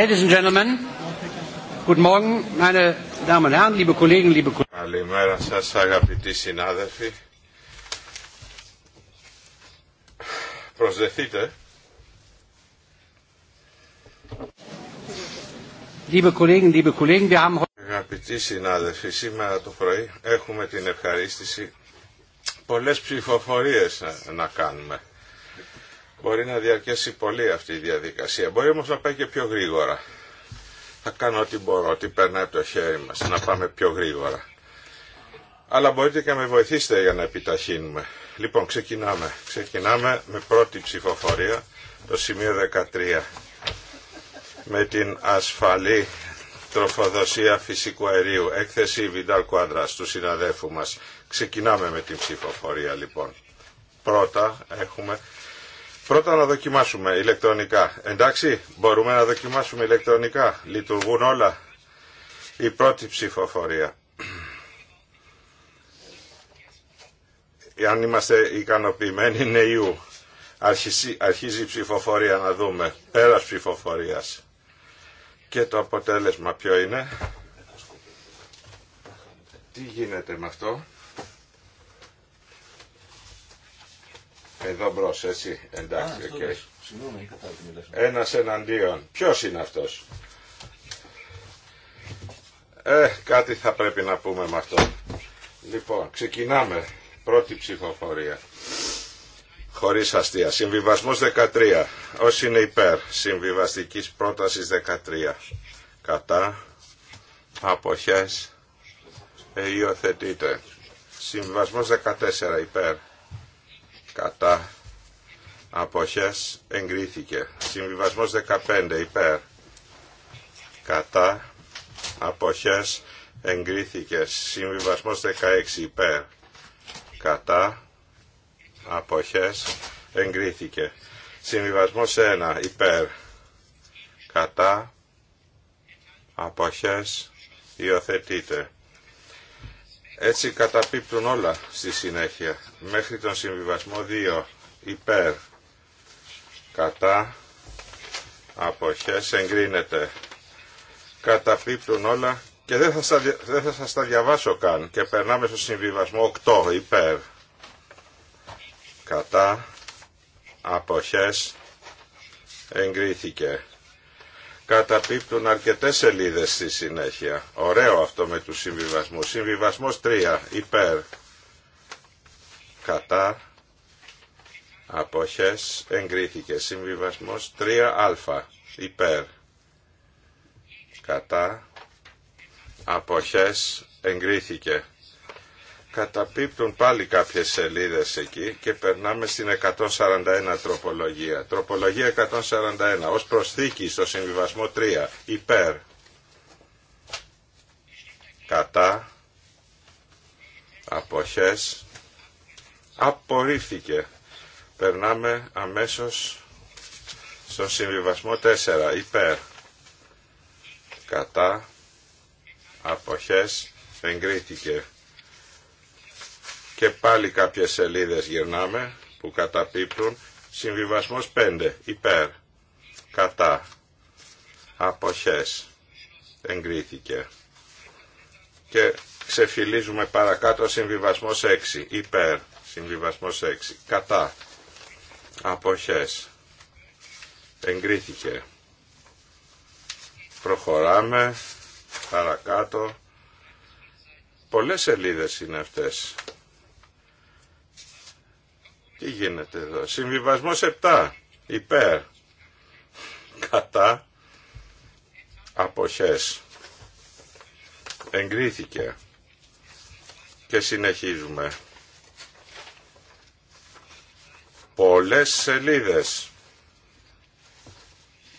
Ladies and gentlemen, good morning, meine Damen und Herren, liebe Kollegen, liebe Kollegen. Καλημέρα σα, αγαπητοί συνάδελφοι. Προσδεθείτε. Liebe Kollegen, liebe Kollegen, wir haben Αγαπητοί συνάδελφοι, σήμερα το πρωί έχουμε την ευχαρίστηση πολλές ψηφοφορίες να κάνουμε. Μπορεί να διαρκέσει πολύ αυτή η διαδικασία. Μπορεί όμως να πάει και πιο γρήγορα. Θα κάνω ό,τι μπορώ, ό,τι περνάει από το χέρι μας, να πάμε πιο γρήγορα. Αλλά μπορείτε και να με βοηθήσετε για να επιταχύνουμε. Λοιπόν, ξεκινάμε. Ξεκινάμε με πρώτη ψηφοφορία, το σημείο 13. Με την ασφαλή τροφοδοσία φυσικού αερίου. Έκθεση Βιντάλ Κουάντρα του συναδέλφου μας. Ξεκινάμε με την ψηφοφορία λοιπόν. Πρώτα έχουμε Πρώτα να δοκιμάσουμε ηλεκτρονικά. Εντάξει, μπορούμε να δοκιμάσουμε ηλεκτρονικά. Λειτουργούν όλα. Η πρώτη ψηφοφορία. Αν είμαστε ικανοποιημένοι είναι Αρχίζει, αρχίζει η ψηφοφορία να δούμε. Πέρας ψηφοφορίας. Και το αποτέλεσμα ποιο είναι. Τι γίνεται με αυτό. Εδώ μπρο, έτσι. Εντάξει, οκ. Okay. εναντίον. Ποιο είναι αυτός. Ε, κάτι θα πρέπει να πούμε με αυτό. Λοιπόν, ξεκινάμε. Πρώτη ψηφοφορία. Χωρί αστεία. Συμβιβασμός 13. Όσοι είναι υπέρ συμβιβαστικής πρότασης 13. Κατά. Αποχές. Ε, υιοθετείτε. Συμβιβασμός 14. Υπέρ κατά αποχές εγκρίθηκε. Συμβιβασμός 15 υπέρ κατά αποχές εγκρίθηκε. Συμβιβασμός 16 υπέρ κατά αποχές εγκρίθηκε. Συμβιβασμός 1 υπέρ κατά αποχές υιοθετείται. Έτσι καταπίπτουν όλα στη συνέχεια. Μέχρι τον συμβιβασμό 2 υπέρ κατά αποχές εγκρίνεται. Καταπίπτουν όλα και δεν θα, στα, δεν θα σας τα διαβάσω καν. Και περνάμε στο συμβιβασμό 8 υπέρ κατά αποχές εγκρίθηκε καταπίπτουν αρκετές σελίδες στη συνέχεια. Ωραίο αυτό με τους συμβιβασμούς. Συμβιβασμός 3. Υπέρ. Κατά. Αποχές. Εγκρίθηκε. Συμβιβασμός 3α. Υπέρ. Κατά. Αποχές. Εγκρίθηκε καταπίπτουν πάλι κάποιες σελίδες εκεί και περνάμε στην 141 τροπολογία. Τροπολογία 141 ως προσθήκη στο συμβιβασμό 3 υπέρ κατά αποχές απορρίφθηκε. Περνάμε αμέσως στο συμβιβασμό 4 υπέρ κατά αποχές εγκρίθηκε. Και πάλι κάποιες σελίδες γυρνάμε που καταπίπτουν. Συμβιβασμός 5. Υπέρ. Κατά. Αποχές. Εγκρίθηκε. Και ξεφυλίζουμε παρακάτω συμβιβασμός 6. Υπέρ. Συμβιβασμός 6. Κατά. Αποχές. Εγκρίθηκε. Προχωράμε παρακάτω. Πολλές σελίδες είναι αυτές. Τι γίνεται εδώ. Συμβιβασμός 7. Υπέρ. Κατά. Αποχές. Εγκρίθηκε. Και συνεχίζουμε. Πολλές σελίδες.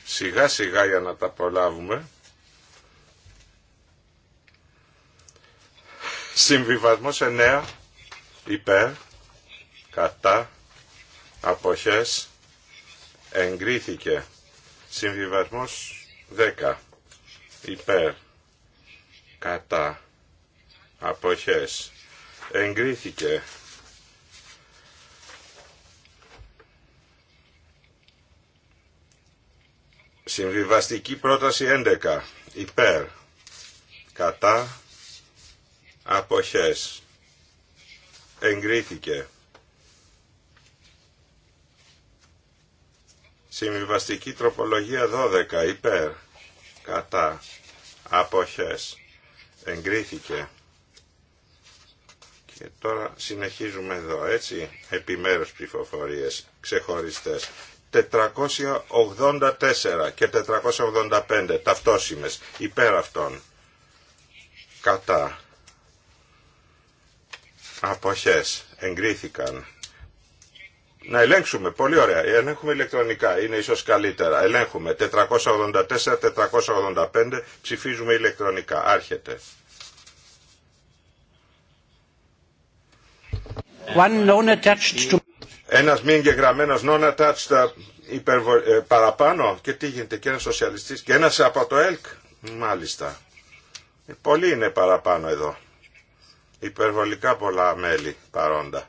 Σιγά σιγά για να τα προλάβουμε. Συμβιβασμός 9. Υπέρ κατά αποχές εγκρίθηκε συμβιβασμός 10 υπέρ κατά αποχές εγκρίθηκε συμβιβαστική πρόταση 11 υπέρ κατά αποχές εγκρίθηκε Συμβιβαστική τροπολογία 12 υπέρ κατά αποχές εγκρίθηκε. Και τώρα συνεχίζουμε εδώ, έτσι, επιμέρους ψηφοφορίες ξεχωριστές. 484 και 485 ταυτόσιμες υπέρ αυτών κατά αποχές εγκρίθηκαν να ελέγξουμε. Πολύ ωραία. Ελέγχουμε ηλεκτρονικά. Είναι ίσως καλύτερα. Ελέγχουμε. 484-485 ψηφίζουμε ηλεκτρονικά. Άρχεται. Ένα Ένας μη εγγεγραμμένος non-attached ε, ε, παραπάνω. Και τι γίνεται. Και ένας σοσιαλιστής. Και ένας από το ΕΛΚ. Μάλιστα. Ε, πολλοί είναι παραπάνω εδώ. Υπερβολικά πολλά μέλη παρόντα.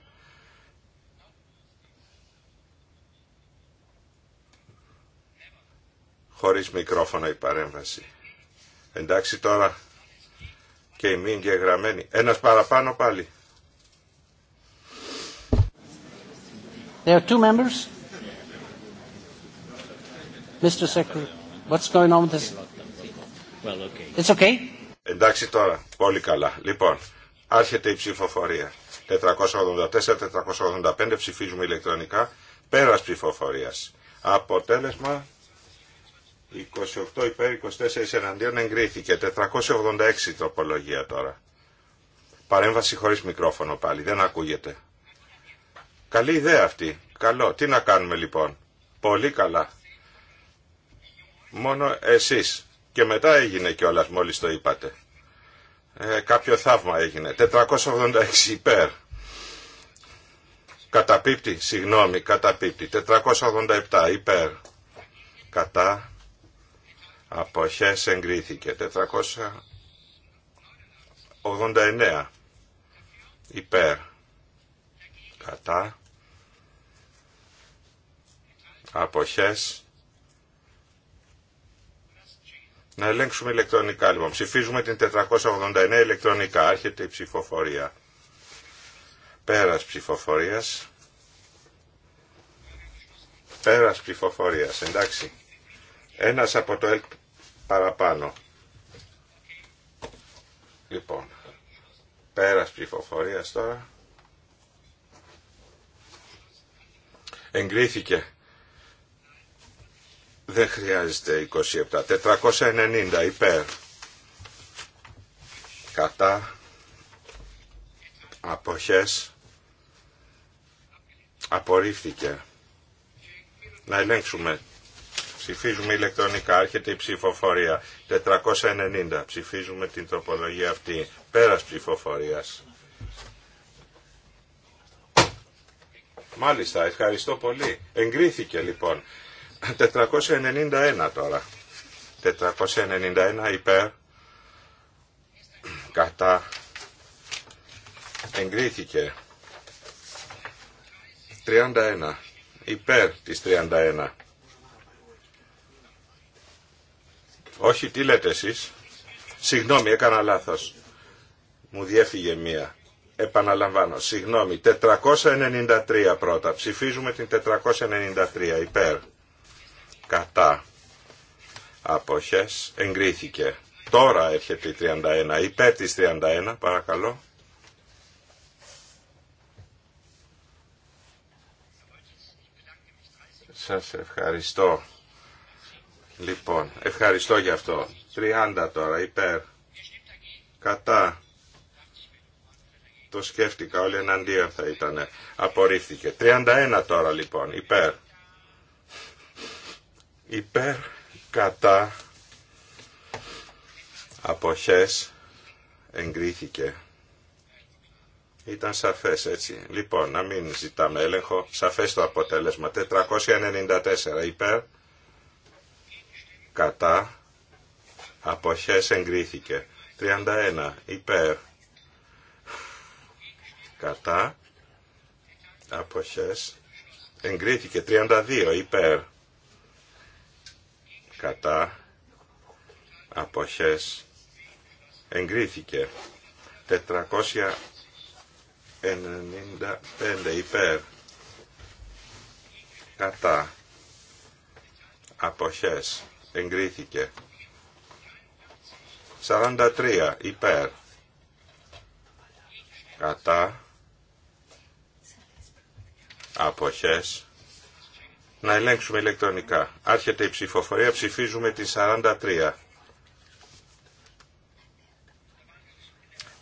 Χωρίς μικρόφωνο η παρέμβαση. Εντάξει τώρα και η μη γραμμένη. Ένας παραπάνω πάλι. There are two members. Mr. Secretary, what's going on with this? Well, okay. It's okay. Εντάξει τώρα, πολύ καλά. Λοιπόν, άρχεται η ψηφοφορία. 484-485 ψηφίζουμε ηλεκτρονικά, πέρας ψηφοφορίας. Αποτέλεσμα 28 υπέρ 24 εναντίον εγκρίθηκε. 486 τροπολογία τώρα. Παρέμβαση χωρίς μικρόφωνο πάλι. Δεν ακούγεται. Καλή ιδέα αυτή. Καλό. Τι να κάνουμε λοιπόν. Πολύ καλά. Μόνο εσείς. Και μετά έγινε κιόλα μόλις το είπατε. Ε, κάποιο θαύμα έγινε. 486 υπέρ. Καταπίπτει. Συγγνώμη. Καταπίπτει. 487 υπέρ. Κατά Αποχές εγκρίθηκε. 489 υπέρ. Κατά. Αποχές. Να ελέγξουμε ηλεκτρονικά λοιπόν. Ψηφίζουμε την 489 ηλεκτρονικά. Άρχεται η ψηφοφορία. Πέρας ψηφοφορίας. Πέρας ψηφοφορίας. Εντάξει. Ένας από το ΕΛΚ παραπάνω. Λοιπόν, πέρας ψηφοφορία τώρα. Εγκρίθηκε. Δεν χρειάζεται 27. 490 υπέρ. Κατά. Αποχές. Απορρίφθηκε. Να ελέγξουμε Ψηφίζουμε ηλεκτρονικά. Άρχεται η ψηφοφορία. 490. Ψηφίζουμε την τροπολογία αυτή. Πέρας ψηφοφορίας. Μάλιστα. Ευχαριστώ πολύ. Εγκρίθηκε λοιπόν. 491 τώρα. 491 υπέρ. Κατά. Εγκρίθηκε. 31. Υπέρ της 31. Όχι, τι λέτε εσείς. Συγγνώμη, έκανα λάθος. Μου διέφυγε μία. Επαναλαμβάνω, συγγνώμη, 493 πρώτα. Ψηφίζουμε την 493 υπέρ. Κατά. Αποχές. Εγκρίθηκε. Τώρα έρχεται η 31. Υπέρ της 31, παρακαλώ. Σας ευχαριστώ. Λοιπόν, ευχαριστώ για αυτό. 30 τώρα, υπέρ. Κατά. Το σκέφτηκα, όλοι εναντίον θα ήταν. Απορρίφθηκε. 31 τώρα λοιπόν, υπέρ. Υπέρ, κατά, αποχές, εγκρίθηκε. Ήταν σαφές έτσι. Λοιπόν, να μην ζητάμε έλεγχο. Σαφές το αποτέλεσμα. 494 υπέρ κατά, αποχές εγκρίθηκε. 31 υπέρ, κατά, αποχές εγκρίθηκε. 32 υπέρ, κατά, αποχές εγκρίθηκε. 495 υπέρ, κατά, αποχές εγκρίθηκε. 43 υπέρ κατά αποχές να ελέγξουμε ηλεκτρονικά. Άρχεται η ψηφοφορία, ψηφίζουμε τη 43.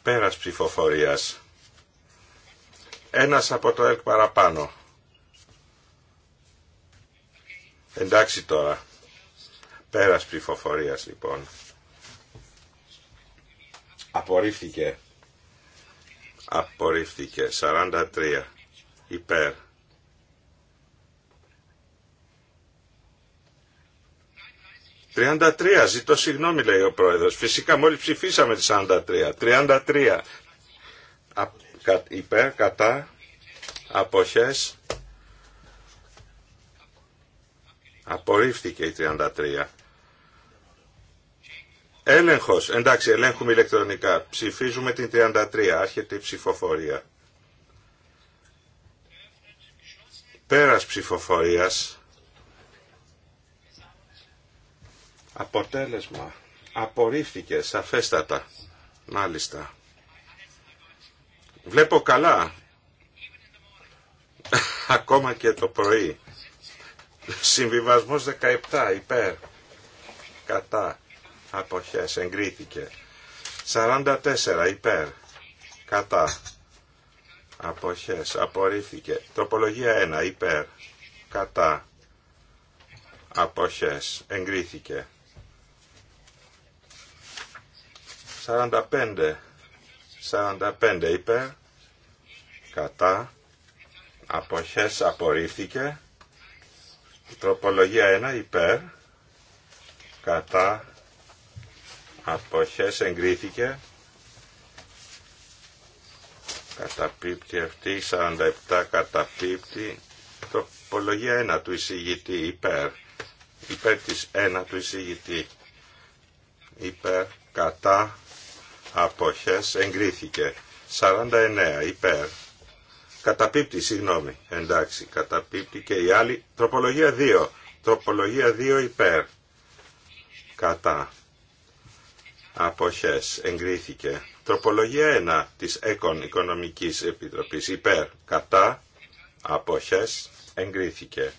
Πέρας ψηφοφορίας. Ένας από το ΕΛΚ παραπάνω. Εντάξει τώρα. Πέρας ψηφοφορίας λοιπόν. Απορρίφθηκε. Απορρίφθηκε. 43. Υπέρ. «33, ζητώ συγγνώμη» λέει ο πρόεδρος. Φυσικά μόλις ψηφίσαμε τη 43. 33. υπέρ, κατά, αποχές. Απορρίφθηκε η 33. Έλεγχος. Εντάξει, ελέγχουμε ηλεκτρονικά. Ψηφίζουμε την 33. Άρχεται η ψηφοφορία. Πέρας ψηφοφορίας. Αποτέλεσμα. Απορρίφθηκε σαφέστατα. Μάλιστα. Βλέπω καλά. Ακόμα και το πρωί. Συμβιβασμός 17 υπέρ. Κατά αποχές εγκρίθηκε 44 υπέρ κατά αποχές απορρίφθηκε τροπολογία 1 υπέρ κατά αποχές εγκρίθηκε 45 45 υπέρ κατά αποχές απορρίφθηκε τροπολογία 1 υπέρ κατά αποχές εγκρίθηκε καταπίπτει αυτή 47 καταπίπτει τροπολογία 1 του εισηγητή υπέρ υπέρ της 1 του εισηγητή υπέρ κατά αποχές εγκρίθηκε 49 υπέρ καταπίπτει συγγνώμη εντάξει καταπίπτει και η άλλη τροπολογία 2 τροπολογία 2 υπέρ κατά αποχές εγκρίθηκε. Τροπολογία 1 της ΕΚΟΝ Οικονομικής Επιτροπής υπέρ κατά αποχές εγκρίθηκε.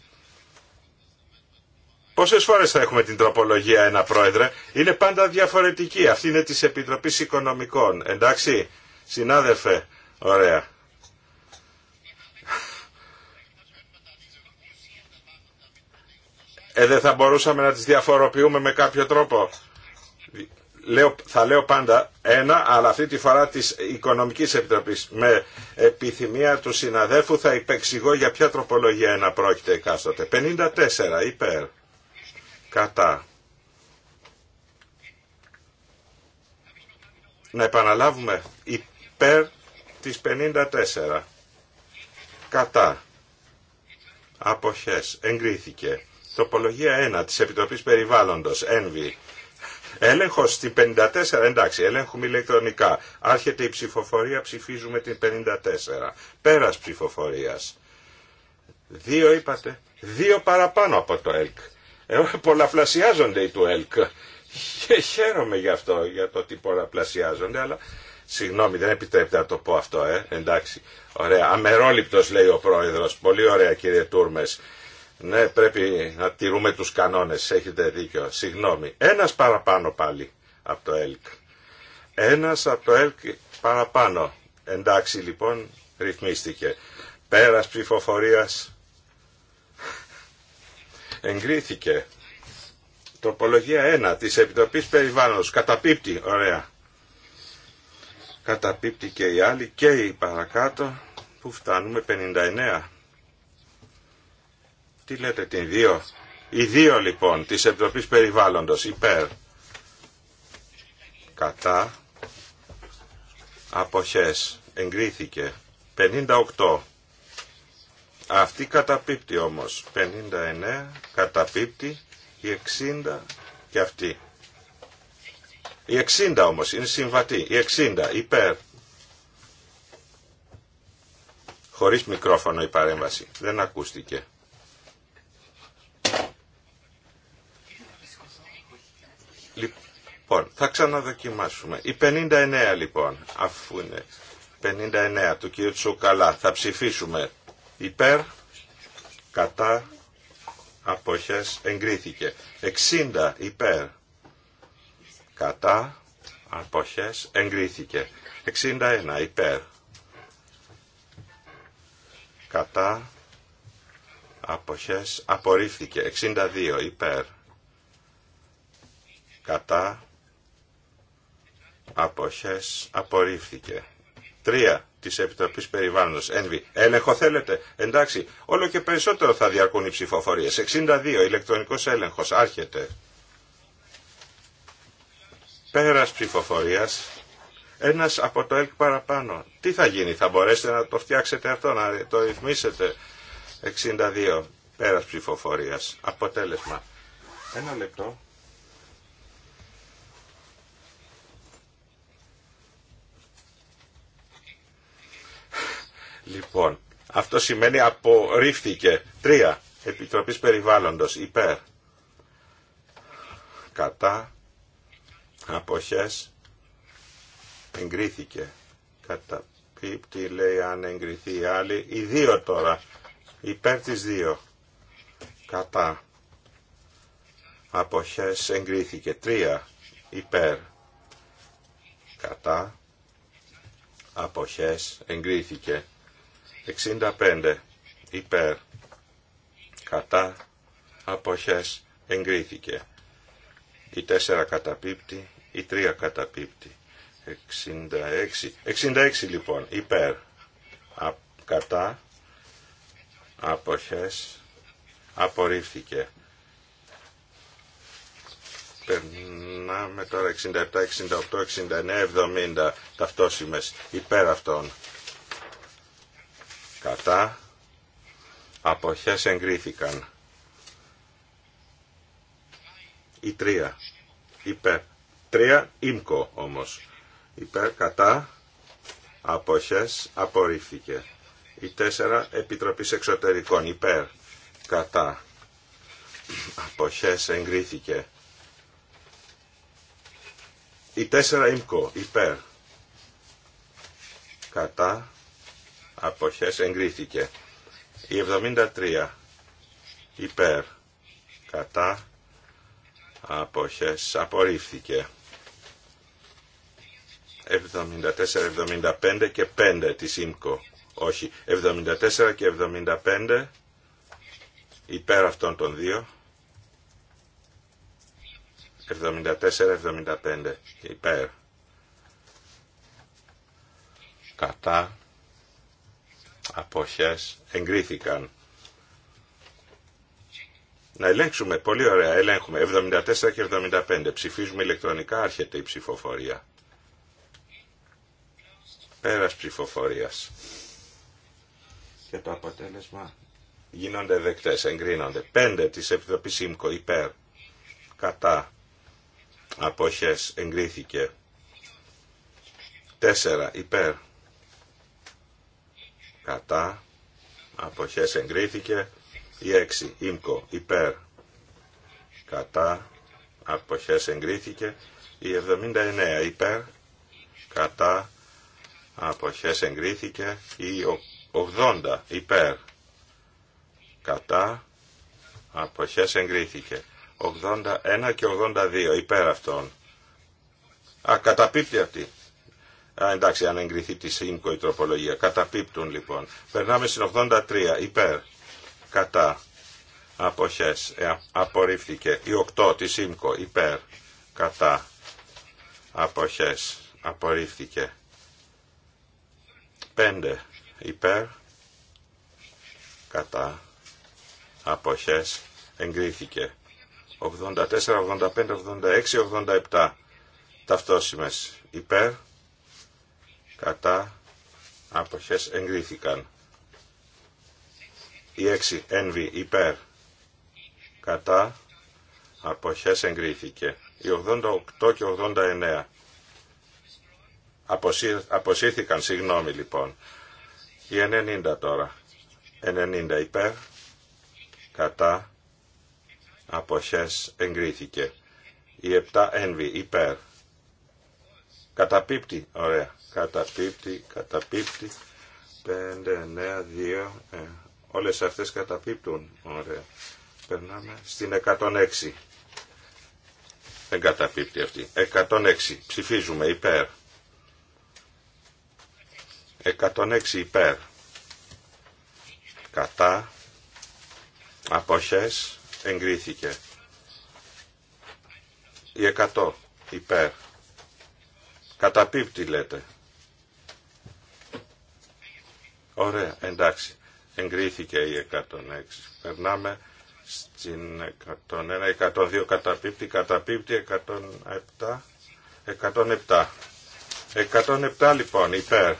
Πόσες φορές θα έχουμε την τροπολογία ένα πρόεδρε, είναι πάντα διαφορετική. Αυτή είναι της Επιτροπής Οικονομικών. Εντάξει, συνάδελφε, ωραία. Ε, δεν θα μπορούσαμε να τις διαφοροποιούμε με κάποιο τρόπο θα λέω πάντα ένα, αλλά αυτή τη φορά της Οικονομικής Επιτροπής. Με επιθυμία του συναδέλφου θα υπεξηγώ για ποια τροπολογία ένα πρόκειται εκάστοτε. 54 υπέρ. Κατά. Να επαναλάβουμε. Υπέρ της 54. Κατά. Αποχές. Εγκρίθηκε. τοπολογία 1 της Επιτροπής Περιβάλλοντος. Ένβη Έλέγχο στην 54, εντάξει, ελέγχουμε ηλεκτρονικά. Άρχεται η ψηφοφορία, ψηφίζουμε την 54. Πέρας ψηφοφορίας. Δύο είπατε, δύο παραπάνω από το ΕΛΚ. Ε, πολλαπλασιάζονται οι του ΕΛΚ. Και χαίρομαι γι' αυτό, για το ότι πολλαπλασιάζονται, αλλά Συγγνώμη, δεν επιτρέπεται να το πω αυτό, ε. Εντάξει. Ωραία. Αμερόληπτος λέει ο πρόεδρος. Πολύ ωραία κύριε Τούρμες. Ναι, πρέπει να τηρούμε τους κανόνες, έχετε δίκιο. Συγγνώμη. Ένας παραπάνω πάλι από το ΕΛΚ. Ένας από το ΕΛΚ παραπάνω. Εντάξει λοιπόν, ρυθμίστηκε. Πέρας ψηφοφορίας εγκρίθηκε. Τροπολογία 1 της Επιτροπής Περιβάλλοντος. Καταπίπτει, ωραία. Καταπίπτει και η άλλη και η παρακάτω που φτάνουμε 59. Τι λέτε την δύο. Οι δύο λοιπόν της Επιτροπής Περιβάλλοντος υπέρ κατά αποχές εγκρίθηκε 58 αυτή καταπίπτει όμως 59 καταπίπτει η 60 και αυτή η 60 όμως είναι συμβατή η 60 υπέρ χωρίς μικρόφωνο η παρέμβαση δεν ακούστηκε Λοιπόν, θα ξαναδοκιμάσουμε. Η 59 λοιπόν, αφού είναι 59 του κ. Τσουκαλά, θα ψηφίσουμε υπέρ, κατά, αποχές, εγκρίθηκε. 60 υπέρ, κατά, αποχές, εγκρίθηκε. 61 υπέρ, κατά, αποχές, απορρίφθηκε. 62 υπέρ, κατά, αποχές απορρίφθηκε. Τρία τη Επιτροπή Περιβάλλοντο. ΕΝΒΗ. Έλεγχο θέλετε. Εντάξει, όλο και περισσότερο θα διαρκούν οι ψηφοφορίες. 62, Ηλεκτρονικό έλεγχο άρχεται. Πέρας ψηφοφορία. Ένα από το ΕΛΚ παραπάνω. Τι θα γίνει, θα μπορέσετε να το φτιάξετε αυτό, να το ρυθμίσετε. 62, πέρα ψηφοφορία. Αποτέλεσμα. Ένα λεπτό. Λοιπόν, αυτό σημαίνει απορρίφθηκε. Τρία. επιτροπή Περιβάλλοντος. Υπέρ. Κατά. Αποχές. Εγκρίθηκε. Κατά τι λέει αν εγκριθεί η άλλη. Οι δύο τώρα. Υπέρ τις δύο. Κατά. Αποχές εγκρίθηκε. Τρία. Υπέρ. Κατά. Αποχές εγκρίθηκε. 65 υπέρ κατά αποχές εγκρίθηκε. Η 4 καταπίπτει, η 3 καταπίπτει. 66, 66 λοιπόν υπέρ α, κατά αποχές απορρίφθηκε. Περνάμε τώρα 67, 68, 69, 70 ταυτόσημες υπέρ αυτών κατά, αποχές εγκρίθηκαν. Η τρία, υπέρ. Τρία, ΙΜΚΟ όμως. Υπέρ, κατά, αποχές, απορρίφθηκε. Η τέσσερα, Επιτροπής Εξωτερικών, υπέρ, κατά, αποχές, εγκρίθηκε. Η τέσσερα, ΙΜΚΟ, υπέρ, κατά, αποχές εγκρίθηκε. Η 73 υπέρ κατά αποχές απορρίφθηκε. 74, 75 και 5 της ΙΜΚΟ. Όχι, 74 και 75 υπέρ αυτών των δύο. 74-75 υπέρ. Κατά αποχές εγκρίθηκαν. Να ελέγξουμε, πολύ ωραία, ελέγχουμε. 74 και 75. Ψηφίζουμε ηλεκτρονικά, άρχεται η ψηφοφορία. Πέρας ψηφοφορίας. Και το αποτέλεσμα γίνονται δεκτές, εγκρίνονται. 5 της Επιτροπής ΣΥΜΚΟ υπέρ, κατά, αποχές, εγκρίθηκε. 4 υπέρ, κατά, αποχές εγκρίθηκε. Η 6 ΙΜΚΟ υπέρ, κατά, αποχές εγκρίθηκε. Η 79 υπέρ, κατά, αποχές εγκρίθηκε. Η 80 υπέρ, κατά, αποχές εγκρίθηκε. 81 και 82 υπέρ αυτών. Α, καταπίπτει αυτή. Α, εντάξει, αν εγκριθεί τη ΣΥΜΚΟ η τροπολογία. Καταπίπτουν λοιπόν. Περνάμε στην 83. Υπέρ. Κατά. Αποχές. Ε, απορρίφθηκε. Η 8 τη ΣΥΜΚΟ. Υπέρ. Κατά. Αποχές. Απορρίφθηκε. 5. Υπέρ. Κατά. Αποχές. Εγκρίθηκε. 84, 85, 86, 87. Ταυτόσιμες. Υπέρ κατά αποχές εγκρίθηκαν. Η 6 ένβη υπέρ κατά αποχές εγκρίθηκε. Οι 88 και 89 αποσύρθηκαν, συγγνώμη λοιπόν. Η 90 τώρα. 90 υπέρ κατά αποχές εγκρίθηκε. Η 7 ένβη υπέρ Καταπίπτει. Ωραία. Καταπίπτει, καταπίπτει. 5, 9, 2. Ε, όλες αυτές καταπίπτουν. Ωραία. Περνάμε στην 106. Δεν καταπίπτει αυτή. 106. Ψηφίζουμε υπέρ. 106 υπέρ. Κατά. Αποχές. Εγκρίθηκε. Η 100 υπέρ Καταπίπτει λέτε. Ωραία, εντάξει. Εγκρίθηκε η 106. Περνάμε στην 101, 102 καταπίπτει, καταπίπτει 107, 107. 107 λοιπόν, υπέρ.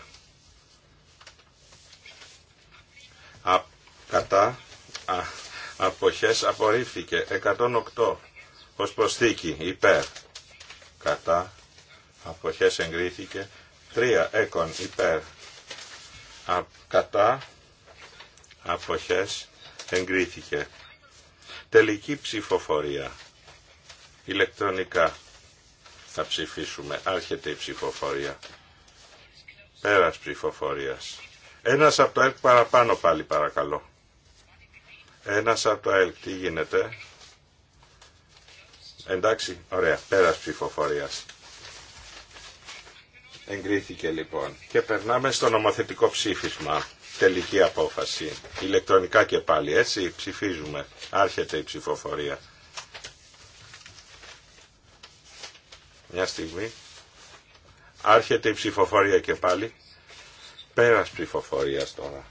Α, κατά, α, αποχές απορρίφθηκε. 108, ως προσθήκη, υπέρ. Κατά, αποχές εγκρίθηκε Τρία έκον υπέρ α, κατά αποχές εγκρίθηκε τελική ψηφοφορία ηλεκτρονικά θα ψηφίσουμε άρχεται η ψηφοφορία πέρας ψηφοφορίας ένας από το ΕΛΚ παραπάνω πάλι παρακαλώ ένας από το ΕΛΚ τι γίνεται εντάξει ωραία πέρας ψηφοφορίας Εγκρίθηκε λοιπόν. Και περνάμε στο νομοθετικό ψήφισμα. Τελική απόφαση. Ηλεκτρονικά και πάλι έτσι ψηφίζουμε. Άρχεται η ψηφοφορία. Μια στιγμή. Άρχεται η ψηφοφορία και πάλι. Πέρας ψηφοφορίας τώρα.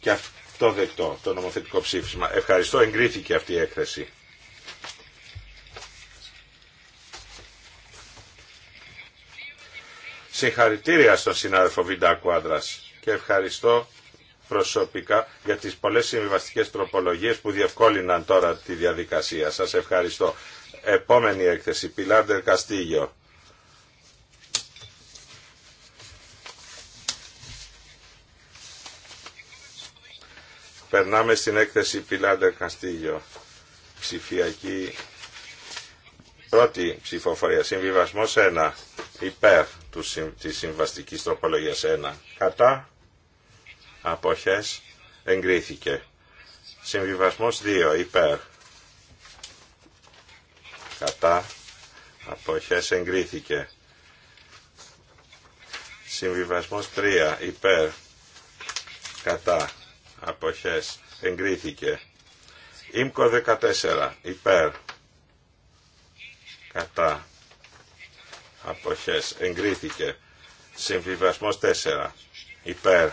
Και αυτό δεκτό το νομοθετικό ψήφισμα. Ευχαριστώ εγκρίθηκε αυτή η έκθεση. Συγχαρητήρια στον συνάδελφο Βιντάκου Άντρας και ευχαριστώ προσωπικά για τις πολλές συμβιβαστικέ τροπολογίες που διευκόλυναν τώρα τη διαδικασία. Σας ευχαριστώ. Επόμενη έκθεση, Πιλάντερ Καστίγιο. Περνάμε στην έκθεση Πιλάντερ Καστίγιο. Ψηφιακή πρώτη ψηφοφορία. Συμβιβασμός 1 υπέρ του, της συμβαστικής τροπολογίας 1. Κατά αποχές εγκρίθηκε. Συμβιβασμός 2 υπέρ. Κατά αποχές εγκρίθηκε. Συμβιβασμός 3 υπέρ. Κατά αποχές εγκρίθηκε. Ήμκο 14 υπέρ. Κατά αποχές εγκρίθηκε συμβιβασμός 4 υπέρ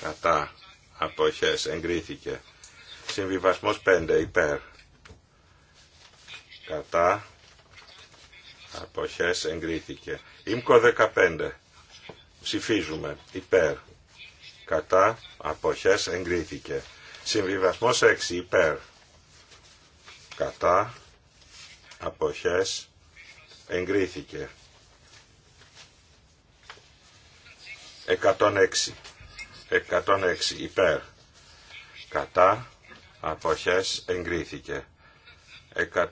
κατά αποχές εγκρίθηκε συμβιβασμός 5 υπέρ κατά αποχές εγκρίθηκε ΙΜΚΟ 15 ψηφίζουμε υπέρ κατά αποχές εγκρίθηκε συμβιβασμός 6 υπέρ κατά αποχές εγκρίθηκε. 106. 106 υπέρ. Κατά αποχές εγκρίθηκε. 108,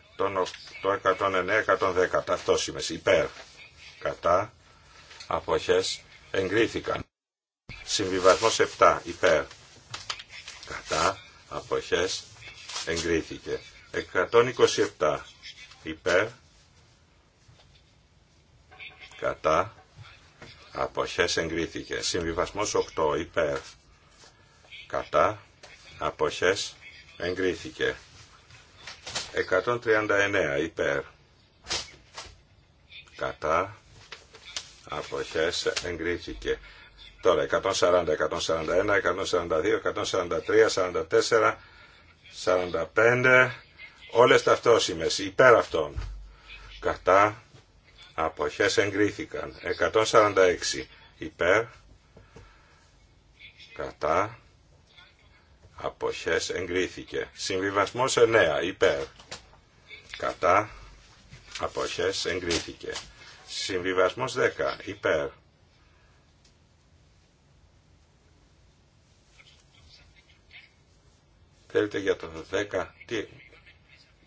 109, 110 σημαίνει υπέρ. Κατά αποχές εγκρίθηκαν. Συμβιβασμός 7 υπέρ. Κατά αποχές εγκρίθηκε. 127 υπέρ κατά, αποχές εγκρίθηκε. Συμβιβασμός 8 υπέρ, κατά, αποχές εγκρίθηκε. 139 υπέρ, κατά, αποχές εγκρίθηκε. Τώρα 140, 141, 142, 143, 44, 45, όλες ταυτόσημες υπέρ αυτών. Κατά, αποχές εγκρίθηκαν 146 υπέρ κατά αποχές εγκρίθηκε συμβιβασμός 9 υπέρ κατά αποχές εγκρίθηκε συμβιβασμός 10 υπέρ Θέλετε για το 10. Τι.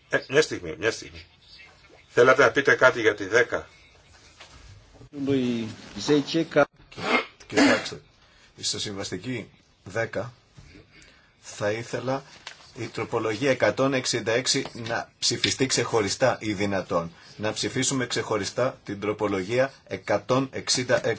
Ε, μια στιγμή, μια στιγμή. Θέλατε να πείτε κάτι για τη 10. Κοιτάξτε, στο συμβαστική 10 θα ήθελα η τροπολογία 166 να ψηφιστεί ξεχωριστά ή δυνατόν. Να ψηφίσουμε ξεχωριστά την τροπολογία 166.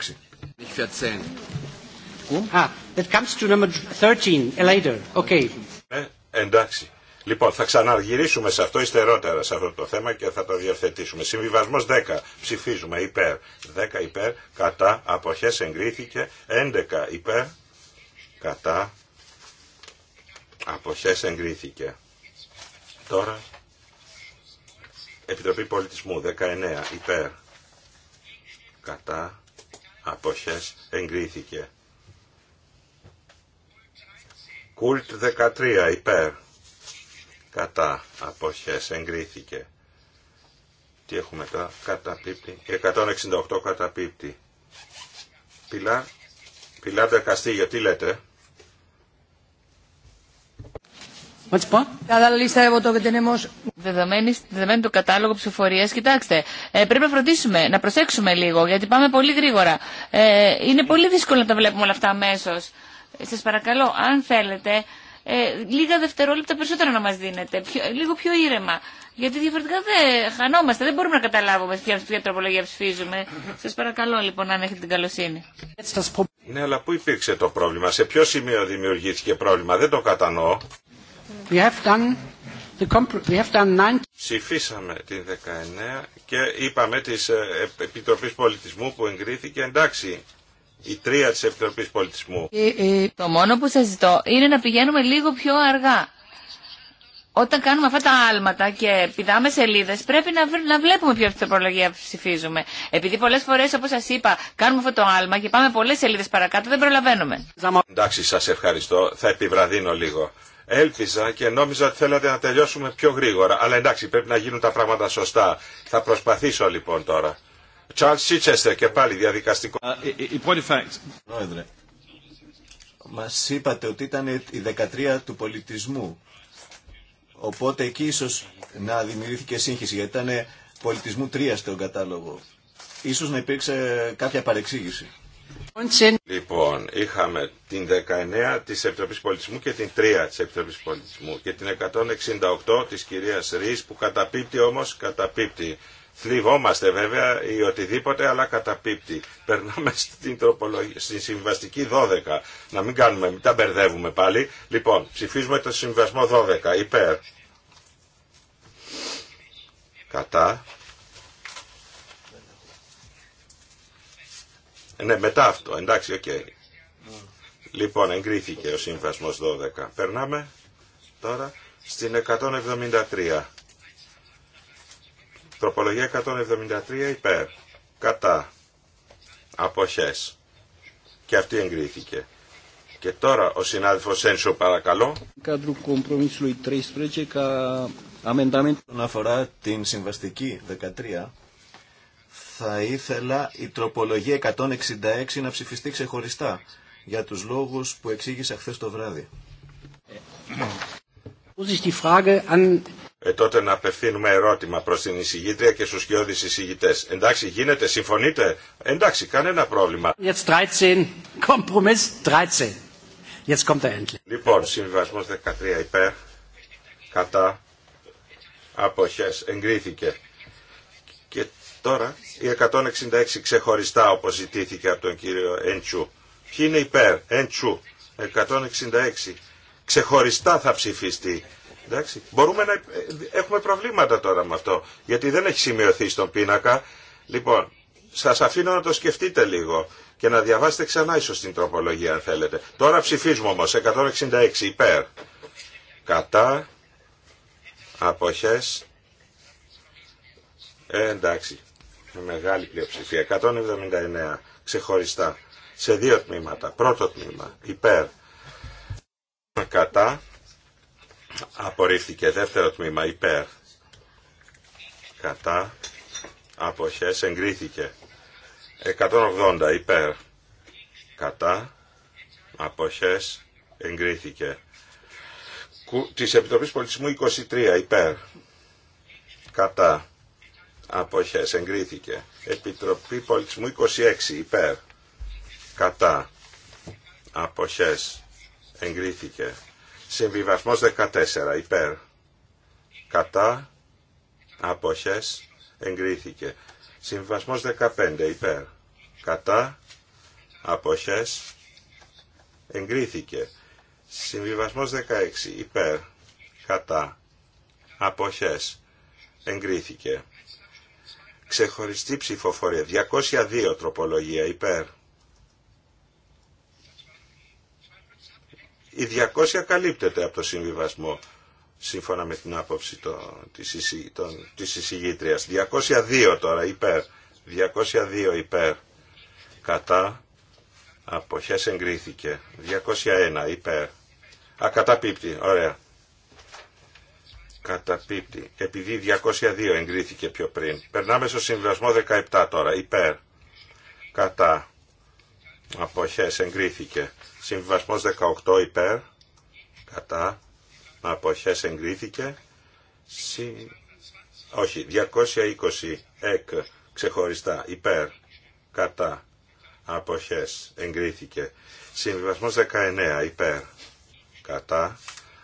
Ah, that comes to number 13 later. Okay. Ε, εντάξει. Λοιπόν, θα ξαναγυρίσουμε σε αυτό υστερότερα σε αυτό το θέμα και θα το διευθετήσουμε. Συμβιβασμό 10. Ψηφίζουμε υπέρ. 10 υπέρ. Κατά. Αποχέ εγκρίθηκε. 11 υπέρ. Κατά. Αποχέ εγκρίθηκε. Τώρα. Επιτροπή Πολιτισμού. 19 υπέρ. Κατά. Αποχέ εγκρίθηκε. Κουλτ 13 υπέρ κατά αποχές εγκρίθηκε. Τι έχουμε τώρα, καταπίπτει, 168 καταπίπτει. Πιλά, Πιλάτα Καστίγιο, τι λέτε. Δεδομένου του κατάλογου ψηφορία, κοιτάξτε, ε, πρέπει να φροντίσουμε, να προσέξουμε λίγο, γιατί πάμε πολύ γρήγορα. Ε, είναι πολύ δύσκολο να τα βλέπουμε όλα αυτά αμέσω. Ε, Σα παρακαλώ, αν θέλετε, ε, λίγα δευτερόλεπτα περισσότερο να μας δίνετε, λίγο πιο ήρεμα. Γιατί διαφορετικά δεν χανόμαστε, δεν μπορούμε να καταλάβουμε ποια τροπολογία ψηφίζουμε. Σας παρακαλώ λοιπόν αν έχετε την καλοσύνη. Ναι, αλλά πού υπήρξε το πρόβλημα, σε ποιο σημείο δημιουργήθηκε πρόβλημα, δεν το κατανοώ. Ψηφίσαμε την 19 και είπαμε τη ε, επιτροπή Πολιτισμού που εγκρίθηκε εντάξει η τρία της Επιτροπής Πολιτισμού. Ε, ε, το μόνο που σας ζητώ είναι να πηγαίνουμε λίγο πιο αργά. Όταν κάνουμε αυτά τα άλματα και πηδάμε σελίδε, πρέπει να, να βλέπουμε ποια τροπολογία ψηφίζουμε. Επειδή πολλέ φορέ, όπω σα είπα, κάνουμε αυτό το άλμα και πάμε πολλέ σελίδε παρακάτω, δεν προλαβαίνουμε. Εντάξει, σα ευχαριστώ. Θα επιβραδύνω λίγο. Έλπιζα και νόμιζα ότι θέλατε να τελειώσουμε πιο γρήγορα. Αλλά εντάξει, πρέπει να γίνουν τα πράγματα σωστά. Θα προσπαθήσω λοιπόν τώρα. Charles και πάλι διαδικαστικό. Ε, ε, ε, Πρόεδρε, μας είπατε ότι ήταν η 13 του πολιτισμού. Οπότε εκεί ίσω να δημιουργήθηκε σύγχυση, γιατί ήταν πολιτισμού 3 στον κατάλογο. Ίσως να υπήρξε κάποια παρεξήγηση. Λοιπόν, είχαμε την 19 της Επιτροπής Πολιτισμού και την 3 της Επιτροπής Πολιτισμού και την 168 της κυρίας Ρης που καταπίπτει όμως, καταπίπτει Θλιβόμαστε βέβαια ή οτιδήποτε, αλλά καταπίπτει. Περνάμε στην, συμβαστική 12. Να μην κάνουμε, μην τα μπερδεύουμε πάλι. Λοιπόν, ψηφίζουμε το συμβασμό 12. Υπέρ. Κατά. Ναι, μετά αυτό. Εντάξει, οκ. Okay. Λοιπόν, εγκρίθηκε ο σύμβασμος 12. Περνάμε τώρα στην 173. Τροπολογία 173 υπέρ. Κατά. Αποχές. Και αυτή εγκρίθηκε. Και τώρα ο συνάδελφος Σένσο παρακαλώ. Κάντρου κομπρομίσου 13 κα αφορά την συμβαστική 13 θα ήθελα η τροπολογία 166 να ψηφιστεί ξεχωριστά για τους λόγους που εξήγησα χθες το βράδυ ε, τότε να απευθύνουμε ερώτημα προ την εισηγήτρια και στου κοιόδης εισηγητέ. Εντάξει, γίνεται, συμφωνείτε. Εντάξει, κανένα πρόβλημα. Er λοιπόν, συμβιβασμό 13 υπέρ, κατά, αποχέ, εγκρίθηκε. Και τώρα η 166 ξεχωριστά όπω ζητήθηκε από τον κύριο Εντσού. Ποιοι είναι υπέρ, Εντσού, 166. Ξεχωριστά θα ψηφιστεί Εντάξει. Μπορούμε να ε, έχουμε προβλήματα τώρα με αυτό, γιατί δεν έχει σημειωθεί στον πίνακα. Λοιπόν, σας αφήνω να το σκεφτείτε λίγο και να διαβάσετε ξανά ίσως την τροπολογία αν θέλετε. Τώρα ψηφίζουμε όμως 166 υπέρ. Κατά αποχές ε, εντάξει με μεγάλη πλειοψηφία 179 ξεχωριστά σε δύο τμήματα πρώτο τμήμα υπέρ κατά απορρίφθηκε δεύτερο τμήμα υπέρ κατά αποχές εγκρίθηκε 180 υπέρ κατά αποχές εγκρίθηκε της Επιτροπής Πολιτισμού 23 υπέρ κατά αποχές εγκρίθηκε Επιτροπή Πολιτισμού 26 υπέρ κατά αποχές εγκρίθηκε Συμβιβασμός 14 υπέρ. Κατά. Αποχές. Εγκρίθηκε. Συμβιβασμός 15 υπέρ. Κατά. Αποχές. Εγκρίθηκε. Συμβιβασμός 16 υπέρ. Κατά. Αποχές. Εγκρίθηκε. Ξεχωριστή ψηφοφορία. 202 τροπολογία υπέρ. η 200 καλύπτεται από το συμβιβασμό σύμφωνα με την άποψη τη της, εισηγήτριας. 202 τώρα υπέρ. 202 υπέρ. Κατά. Αποχές εγκρίθηκε. 201 υπέρ. Α, καταπίπτει. Ωραία. Καταπίπτει. Επειδή 202 εγκρίθηκε πιο πριν. Περνάμε στο συμβιβασμό 17 τώρα. Υπέρ. Κατά. Αποχές εγκρίθηκε. Συμβιβασμός 18 υπέρ, κατά, αποχές εγκρίθηκε. Συ... Όχι, 220 εκ, ξεχωριστά, υπέρ, κατά, αποχές εγκρίθηκε. Συμβιβασμός 19 υπέρ, κατά,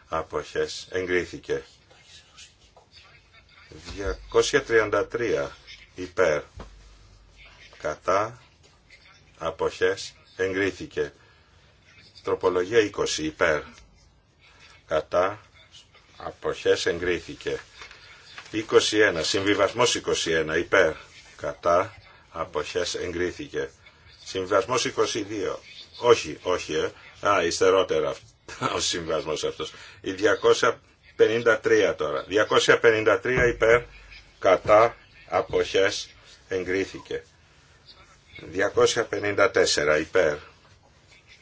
αποχές εγκρίθηκε. 233 υπέρ, κατά, αποχές εγκρίθηκε. Τροπολογία 20 υπέρ. Κατά. Αποχές εγκρίθηκε. 21. Συμβιβασμός 21 υπέρ. Κατά. Αποχές εγκρίθηκε. Συμβιβασμός 22. Όχι, όχι, ε. Α, ιστερότερα. ο συμβιβασμός αυτός. Η 253 τώρα. 253 υπέρ. Κατά. Αποχές εγκρίθηκε. 254 υπέρ.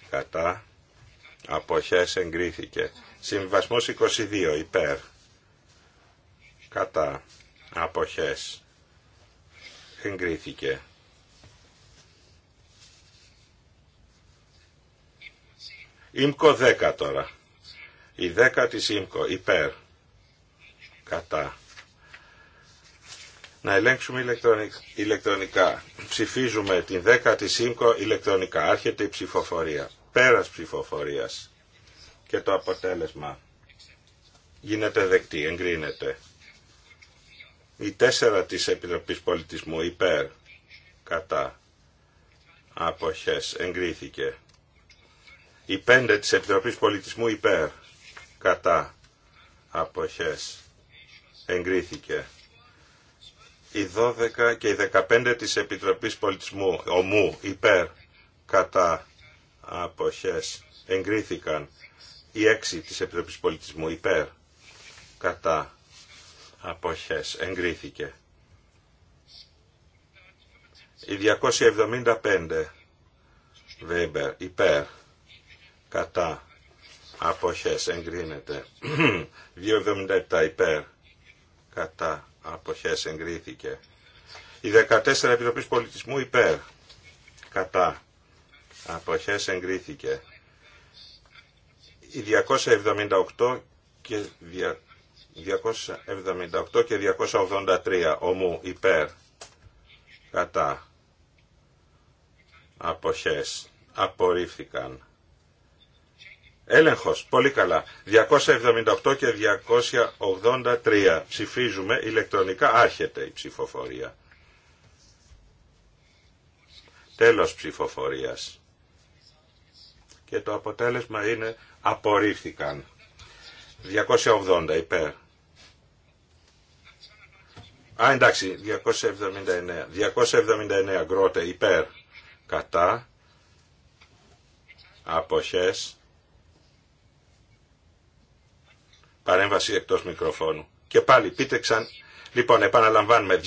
Κατά αποχές εγκρίθηκε. Συμβασμός 22 υπέρ κατά αποχές εγκρίθηκε. Ήμκο 10 τώρα. Η 10 της Ήμκο υπέρ κατά. Να ελέγξουμε ηλεκτρονικά. Ψηφίζουμε την 10 της ΣΥΜΚΟ ηλεκτρονικά. Άρχεται η ψηφοφορία. Πέρας ψηφοφορίας. Και το αποτέλεσμα γίνεται δεκτή, εγκρίνεται. Η τέσσερα της Επιτροπής Πολιτισμού υπέρ, κατά, αποχές, εγκρίθηκε. Η πέντε της Επιτροπής Πολιτισμού υπέρ, κατά, αποχές, εγκρίθηκε. Η 12 και η 15 της Επιτροπής Πολιτισμού ομού υπέρ, κατά, αποχές εγκρίθηκαν οι 6 της Επιτροπής Πολιτισμού υπέρ κατά αποχές εγκρίθηκε. Οι 275 Βέμπερ υπέρ κατά αποχές εγκρίνεται. 277 υπέρ κατά αποχές εγκρίθηκε. Η 14 Επιτροπής Πολιτισμού υπέρ κατά αποχές εγκρίθηκε. Οι 278 και 278 και 283 ομού υπέρ κατά αποχές απορρίφθηκαν. Έλεγχος, πολύ καλά. 278 και 283 ψηφίζουμε ηλεκτρονικά, άρχεται η ψηφοφορία. Τέλος ψηφοφορίας και το αποτέλεσμα είναι απορρίφθηκαν. 280 υπέρ. Α, εντάξει, 279. 279 γκρότε υπέρ. Κατά. Αποχές. Παρέμβαση εκτός μικροφώνου. Και πάλι πείτε ξαν Λοιπόν, επαναλαμβάνουμε.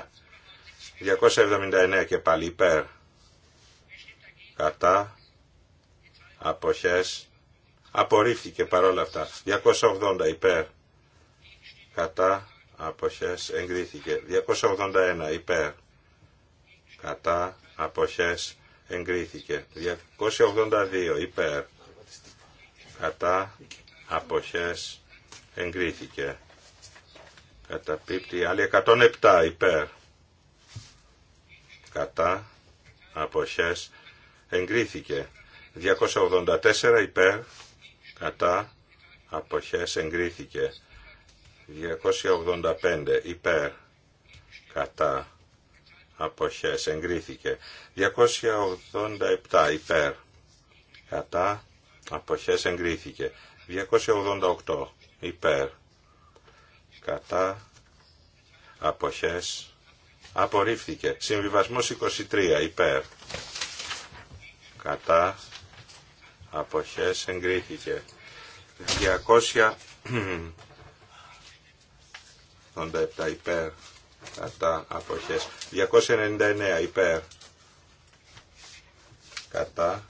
279. 279 και πάλι υπέρ κατά, αποχές, απορρίφθηκε παρόλα αυτά. 280 υπέρ, κατά, αποχές, εγκρίθηκε. 281 υπέρ, κατά, αποχές, εγκρίθηκε. 282 υπέρ, κατά, αποχές, εγκρίθηκε. Καταπίπτει άλλη 107 υπέρ, κατά, αποχές, εγκρίθηκε. 284 υπέρ, κατά, αποχές, εγκρίθηκε. 285 υπέρ, κατά, αποχές, εγκρίθηκε. 287 υπέρ, κατά, αποχές, εγκρίθηκε. 288 υπέρ, κατά, αποχές, απορρίφθηκε. Συμβιβασμός 23 υπέρ, κατά αποχές εγκρίθηκε 287 υπέρ κατά αποχές 299 υπέρ κατά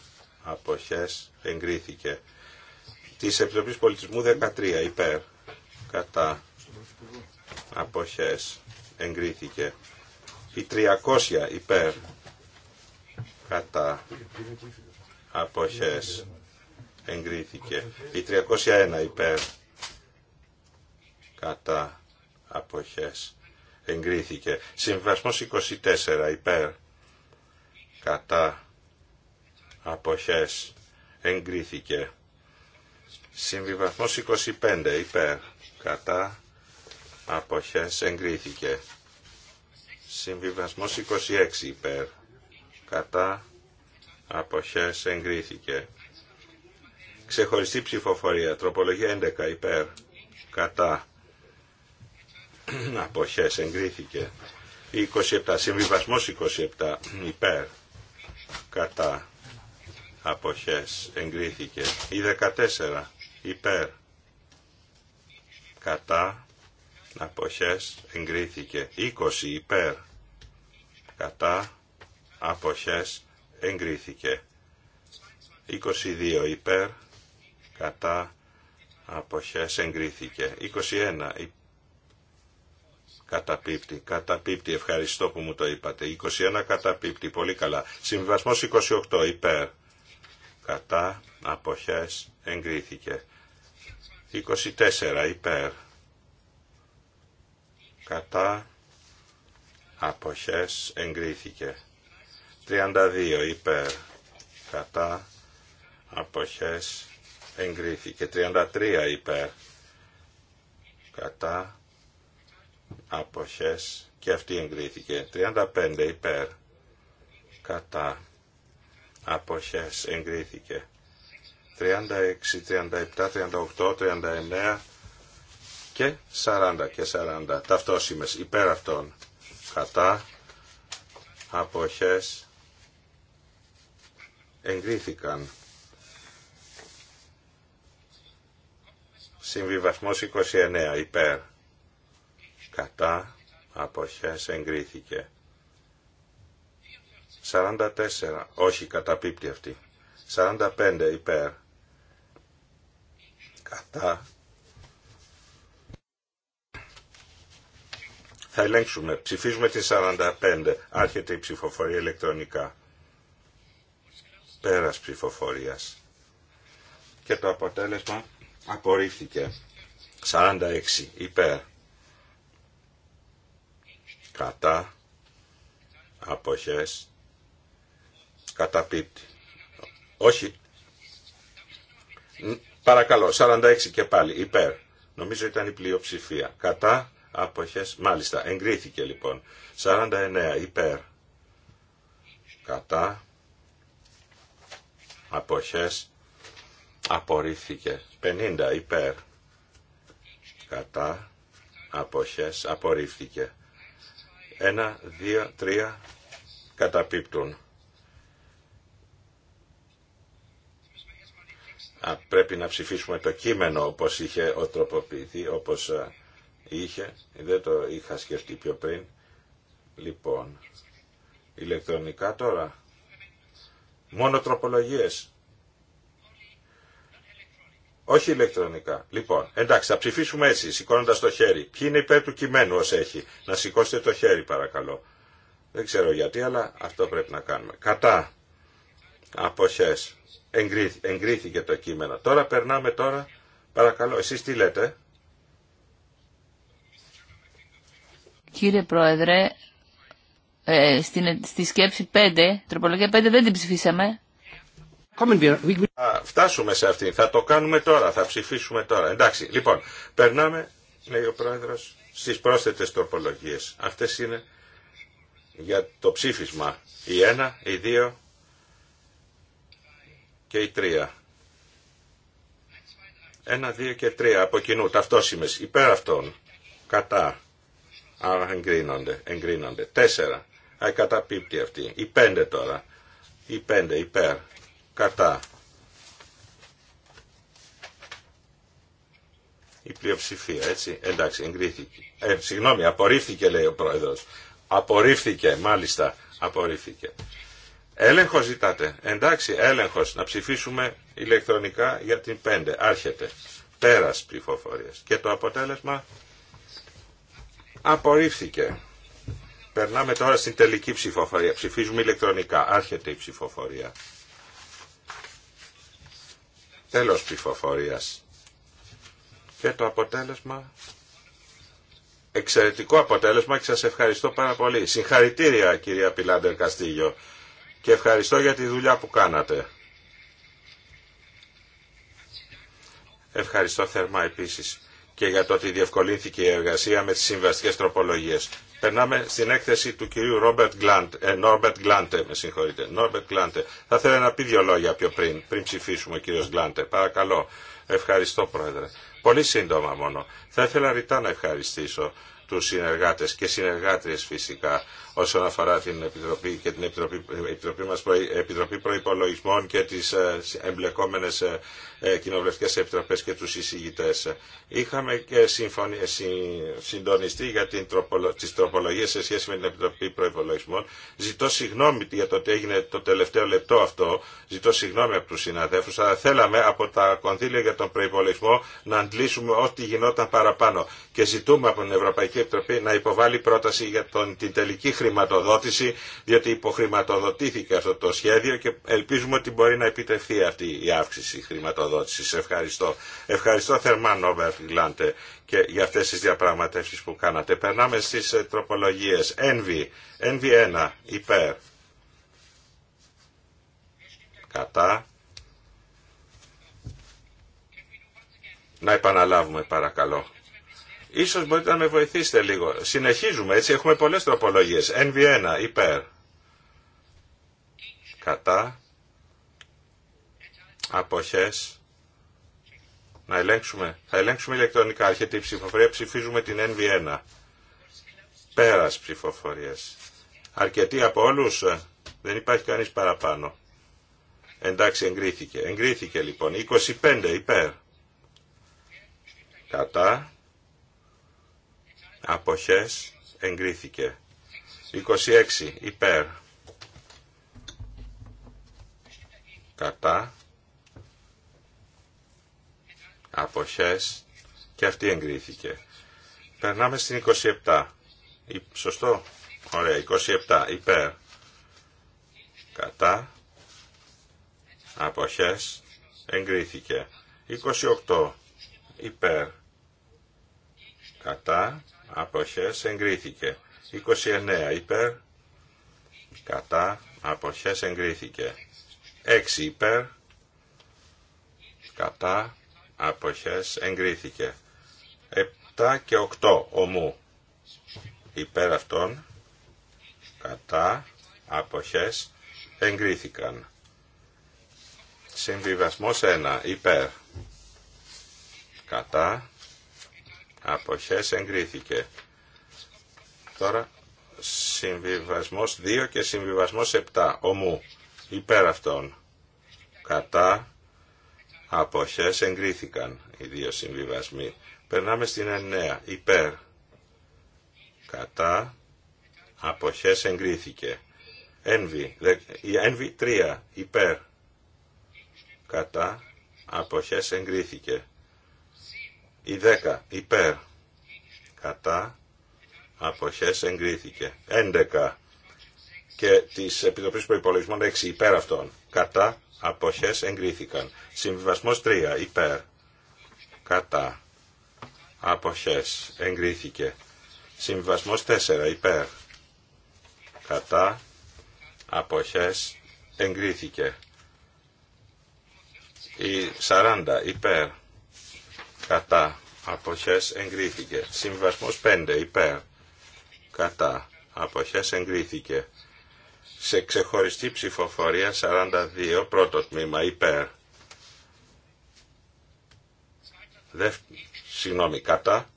αποχές εγκρίθηκε της Επιτροπής Πολιτισμού 13 υπέρ κατά αποχές εγκρίθηκε η 300 υπέρ κατά αποχές εγκρίθηκε η 301 υπέρ κατά αποχές εγκρίθηκε συμβασμός 24 υπέρ κατά αποχές εγκρίθηκε συμβιβασμός 25 υπέρ κατά αποχές εγκρίθηκε συμβιβασμός 26 υπέρ κατά αποχές εγκρίθηκε. Ξεχωριστή ψηφοφορία, τροπολογία 11 υπέρ, κατά αποχές εγκρίθηκε. 27, συμβιβασμός 27 υπέρ, κατά αποχές εγκρίθηκε. Η 14 υπέρ, κατά αποχές εγκρίθηκε. 20 υπέρ, κατά αποχές εγκρίθηκε. 22 υπέρ κατά αποχές εγκρίθηκε. 21 καταπίπτει. Καταπίπτει. Ευχαριστώ που μου το είπατε. 21 καταπίπτει. Πολύ καλά. Συμβιβασμός 28 υπέρ κατά αποχές εγκρίθηκε. 24 υπέρ κατά αποχές εγκρίθηκε. 32 υπέρ κατά αποχές εγκρίθηκε 33 υπέρ κατά αποχές και αυτή εγκρίθηκε 35 υπέρ κατά αποχές εγκρίθηκε 36, 37, 38, 39 και 40 και 40 ταυτόσημες υπέρ αυτών κατά αποχές εγκρίθηκαν. Συμβιβασμός 29 υπέρ. Κατά αποχές εγκρίθηκε. 44 όχι καταπίπτει αυτή. 45 υπέρ. Κατά. Θα ελέγξουμε. Ψηφίζουμε τη 45. Άρχεται η ψηφοφορία ηλεκτρονικά. Πέρας ψηφοφορίας. Και το αποτέλεσμα απορρίφθηκε. 46 υπέρ. Κατά. Αποχές. Καταπίπτει. Όχι. Παρακαλώ, 46 και πάλι, υπέρ. Νομίζω ήταν η πλειοψηφία. Κατά, αποχές, μάλιστα, εγκρίθηκε λοιπόν. 49, υπέρ. Κατά, αποχές απορρίφθηκε 50 υπέρ κατά αποχές απορρίφθηκε 1, 2, 3 καταπίπτουν Α, πρέπει να ψηφίσουμε το κείμενο όπως είχε οτροποποιηθεί τροποποιηθεί όπως είχε δεν το είχα σκεφτεί πιο πριν λοιπόν ηλεκτρονικά τώρα Μόνο τροπολογίες. Όχι ηλεκτρονικά. Λοιπόν, εντάξει, θα ψηφίσουμε έτσι, σηκώνοντα το χέρι. Ποιοι είναι υπέρ του κειμένου ως έχει. Να σηκώσετε το χέρι, παρακαλώ. Δεν ξέρω γιατί, αλλά αυτό πρέπει να κάνουμε. Κατά. Αποχέ. εγκρίθηκε το κείμενο. Τώρα περνάμε τώρα. Παρακαλώ, εσείς τι λέτε. Κύριε Πρόεδρε, ε, στην, στη σκέψη 5, τροπολογία 5 δεν την ψηφίσαμε. Θα φτάσουμε σε αυτή. Θα το κάνουμε τώρα. Θα ψηφίσουμε τώρα. Εντάξει. Λοιπόν, περνάμε, λέει ο πρόεδρο, στι πρόσθετες τροπολογίες. Αυτές είναι για το ψήφισμα. Η 1, η 2 και η 3. 1, 2 και 3 από κοινού ταυτόσημες υπέρ αυτών κατά εγκρίνονται, εγκρίνονται. Τέσσερα. Ακαταπίπτει αυτή. Η πέντε τώρα. Η πέντε υπέρ. Κατά. Η πλειοψηφία, έτσι. Εντάξει, εγκρίθηκε. Ε, συγγνώμη, απορρίφθηκε λέει ο πρόεδρος. Απορρίφθηκε, μάλιστα. Απορρίφθηκε. Έλεγχος ζητάτε. Εντάξει, έλεγχος. Να ψηφίσουμε ηλεκτρονικά για την 5. Άρχεται. Πέρας ψηφοφορίας. Και το αποτέλεσμα απορρίφθηκε. Περνάμε τώρα στην τελική ψηφοφορία. Ψηφίζουμε ηλεκτρονικά. Άρχεται η ψηφοφορία. Τέλος ψηφοφορίας. Και το αποτέλεσμα... Εξαιρετικό αποτέλεσμα και σας ευχαριστώ πάρα πολύ. Συγχαρητήρια κυρία Πιλάντερ Καστίγιο και ευχαριστώ για τη δουλειά που κάνατε. Ευχαριστώ θερμά επίσης και για το ότι διευκολύνθηκε η εργασία με τις συμβαστικέ τροπολογίες. Περνάμε στην έκθεση του κυρίου Ρόμπερτ Γκλάντε, Νόρμπερτ Γκλάντε, με συγχωρείτε. Νόρμπερτ Γκλάντε. Θα ήθελα να πει δύο λόγια πιο πριν, πριν ψηφίσουμε ο κύριος Γκλάντε. Παρακαλώ. Ευχαριστώ πρόεδρε. Πολύ σύντομα μόνο. Θα ήθελα ρητά να ευχαριστήσω τους συνεργάτες και συνεργάτριες φυσικά όσον αφορά την Επιτροπή και την Επιτροπή, Επιτροπή, μας, Επιτροπή Προϋπολογισμών και τις ε, εμπλεκόμενες ε, ε, κοινοβουλευτικές επιτροπές και τους εισηγητές. Είχαμε και συμφωνη, συντονιστεί για την τροπολο, τις τροπολογίες σε σχέση με την Επιτροπή Προϋπολογισμών. Ζητώ συγγνώμη για το ότι έγινε το τελευταίο λεπτό αυτό. Ζητώ συγγνώμη από τους συναδέλφους, αλλά θέλαμε από τα κονδύλια για τον προϋπολογισμό να αντλήσουμε ό,τι γινόταν παραπάνω. Και ζητούμε από την Ευρωπαϊκή Επιτροπή να υποβάλει πρόταση για τον, την τελική χρήση χρηματοδότηση, διότι υποχρηματοδοτήθηκε αυτό το σχέδιο και ελπίζουμε ότι μπορεί να επιτευχθεί αυτή η αύξηση χρηματοδότησης. Ευχαριστώ. Ευχαριστώ θερμά Νόμπερ Λάντε και για αυτές τις διαπραγματεύσεις που κάνατε. Περνάμε στις ε, τροπολογίες. nv Envy1, υπέρ. Κατά. Να επαναλάβουμε παρακαλώ. Ίσως μπορείτε να με βοηθήσετε λίγο. Συνεχίζουμε έτσι, έχουμε πολλές τροπολογίες. NV1 υπέρ. Κατά. Αποχές. Να ελέγξουμε. Θα ελέγξουμε ηλεκτρονικά. Έρχεται η ψηφοφορία. Ψηφίζουμε την NV1. Πέρας ψηφοφορίας. Αρκετοί από όλους. Δεν υπάρχει κανείς παραπάνω. Εντάξει, εγκρίθηκε. Εγκρίθηκε λοιπόν. 25 υπέρ. Κατά αποχές εγκρίθηκε. 26 υπέρ κατά αποχές και αυτή εγκρίθηκε. Περνάμε στην 27. Σωστό. Ωραία. 27 υπέρ κατά αποχές εγκρίθηκε. 28 υπέρ κατά αποχές εγκρίθηκε. 29 υπέρ, κατά, αποχές εγκρίθηκε. 6 υπέρ, κατά, αποχές εγκρίθηκε. 7 και 8 ομού υπέρ αυτών, κατά, αποχές εγκρίθηκαν. Συμβιβασμός 1 υπέρ, κατά, αποχές εγκρίθηκε. Τώρα συμβιβασμός 2 και συμβιβασμός 7 ομού υπέρ αυτών κατά αποχές εγκρίθηκαν οι δύο συμβιβασμοί. Περνάμε στην 9 υπέρ κατά αποχές εγκρίθηκε. Ένβη, η Ενβι 3 υπέρ κατά αποχές εγκρίθηκε. Η 10 υπέρ κατά αποχές εγκρίθηκε. 11 και της Επιτροπής Προϋπολογισμών 6 υπέρ αυτών κατά αποχές εγκρίθηκαν. Συμβιβασμός 3 υπέρ κατά αποχές εγκρίθηκε. Συμβιβασμός 4 υπέρ κατά αποχές εγκρίθηκε. Η 40 υπέρ κατά αποχές εγκρίθηκε. Συμβασμός 5 υπέρ κατά αποχές εγκρίθηκε. Σε ξεχωριστή ψηφοφορία 42 πρώτο τμήμα υπέρ. Δευ... Συγγνώμη κατά.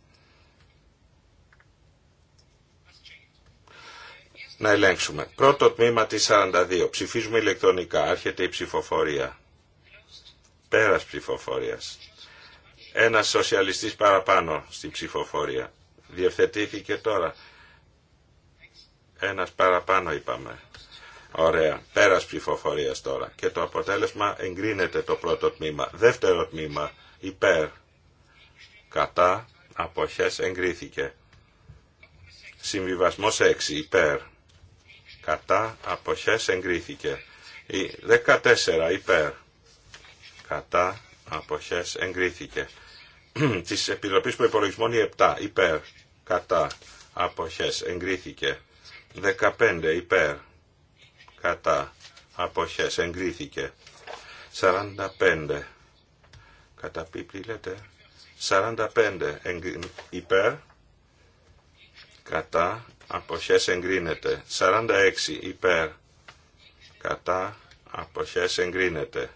Να ελέγξουμε. Πρώτο τμήμα της 42. Ψηφίζουμε ηλεκτρονικά. Άρχεται η ψηφοφορία. Πέρας ψηφοφορίας ένας σοσιαλιστής παραπάνω στην ψηφοφορία. Διευθετήθηκε τώρα. Ένας παραπάνω είπαμε. Ωραία. Πέρας ψηφοφορίας τώρα. Και το αποτέλεσμα εγκρίνεται το πρώτο τμήμα. Δεύτερο τμήμα. Υπέρ. Κατά. Αποχές εγκρίθηκε. Συμβιβασμός 6. Υπέρ. Κατά. Αποχές εγκρίθηκε. 14. Υπέρ. Κατά αποχές εγκρίθηκε. Της Επιτροπής που είναι 7 υπέρ κατά αποχές εγκρίθηκε. 15 υπέρ κατά αποχές εγκρίθηκε. 45 Κατά πίπλη λέτε. 45 υπέρ κατά αποχές εγκρίνεται. 46 υπέρ κατά αποχές εγκρίνεται.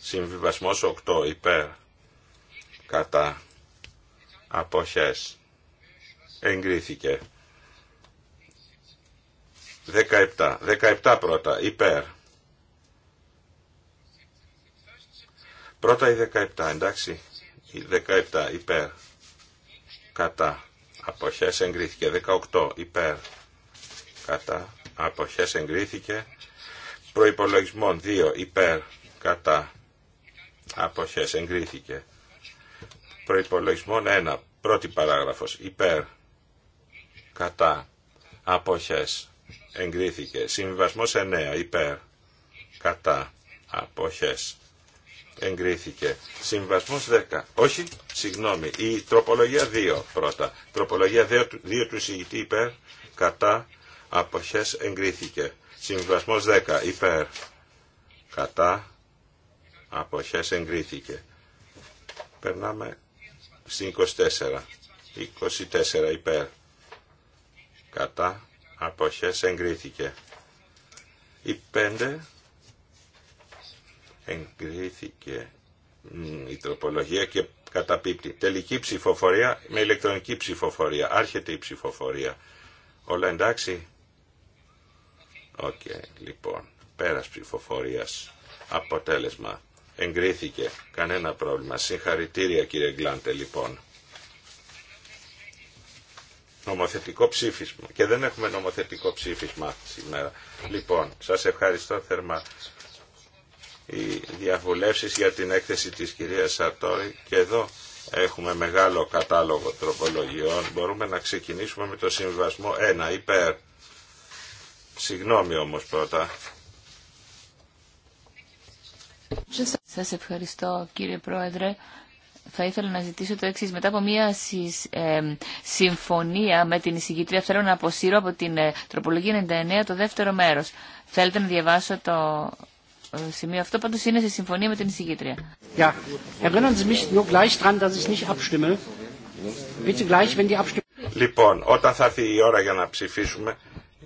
Συμβιβασμός 8 υπέρ κατά αποχές εγκρίθηκε. 17. 17 πρώτα υπέρ. Πρώτα η 17 εντάξει. Η 17 υπέρ κατά αποχές εγκρίθηκε. 18 υπέρ κατά αποχές εγκρίθηκε. Προϋπολογισμό 2 υπέρ κατά αποχές εγκρίθηκε. Προϋπολογισμόν 1, πρώτη παράγραφος, υπέρ, κατά, αποχές, εγκρίθηκε. Συμβιβασμός 9, υπέρ, κατά, αποχές, εγκρίθηκε. Συμβασμός 10. Όχι, συγγνώμη. Η τροπολογία 2 πρώτα. Τροπολογία 2, 2 του συγητή υπέρ, κατά, αποχές εγκρίθηκε. Συμβασμός 10. Υπέρ, κατά, αποχές εγκρίθηκε. Περνάμε στην 24. 24 υπέρ. Κατά αποχές εγκρίθηκε. Η 5 εγκρίθηκε η τροπολογία και καταπίπτει. Τελική ψηφοφορία με ηλεκτρονική ψηφοφορία. Άρχεται η ψηφοφορία. Όλα εντάξει. Οκ, λοιπόν. Πέρας ψηφοφορίας. Αποτέλεσμα. Εγκρίθηκε. Κανένα πρόβλημα. Συγχαρητήρια κύριε Γκλάντε λοιπόν. Νομοθετικό ψήφισμα. Και δεν έχουμε νομοθετικό ψήφισμα σήμερα. Λοιπόν, σας ευχαριστώ θερμά οι διαβουλεύσεις για την έκθεση της κυρίας Σαρτόρη και εδώ έχουμε μεγάλο κατάλογο τροπολογιών. Μπορούμε να ξεκινήσουμε με το συμβασμό 1 υπέρ. Συγγνώμη όμως πρώτα. Σας ευχαριστώ κύριε Πρόεδρε. Θα ήθελα να ζητήσω το εξή. Μετά από μια ε, συμφωνία με την εισηγήτρια, θέλω να αποσύρω από την ε, τροπολογία 99 το δεύτερο μέρο. Θέλετε να διαβάσω το ε, σημείο αυτό, πάντω είναι σε συμφωνία με την εισηγήτρια. Λοιπόν, όταν θα έρθει η ώρα για να ψηφίσουμε,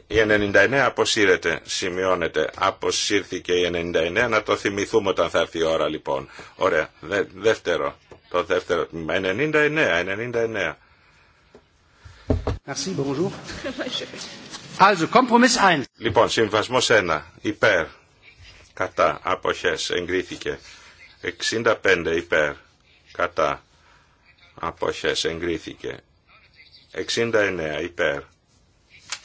η 99 αποσύρεται, σημειώνεται. Αποσύρθηκε η 99, να το θυμηθούμε όταν θα έρθει η ώρα λοιπόν. Ωραία, δεύτερο, το δεύτερο τμήμα. 99, 99. Merci, bonjour. Also, Kompromiss 1. Λοιπόν, συμβασμό 1. Υπέρ. Κατά. Αποχέ. Εγκρίθηκε. 65 υπέρ. Κατά. Αποχέ. Εγκρίθηκε. 69 υπέρ.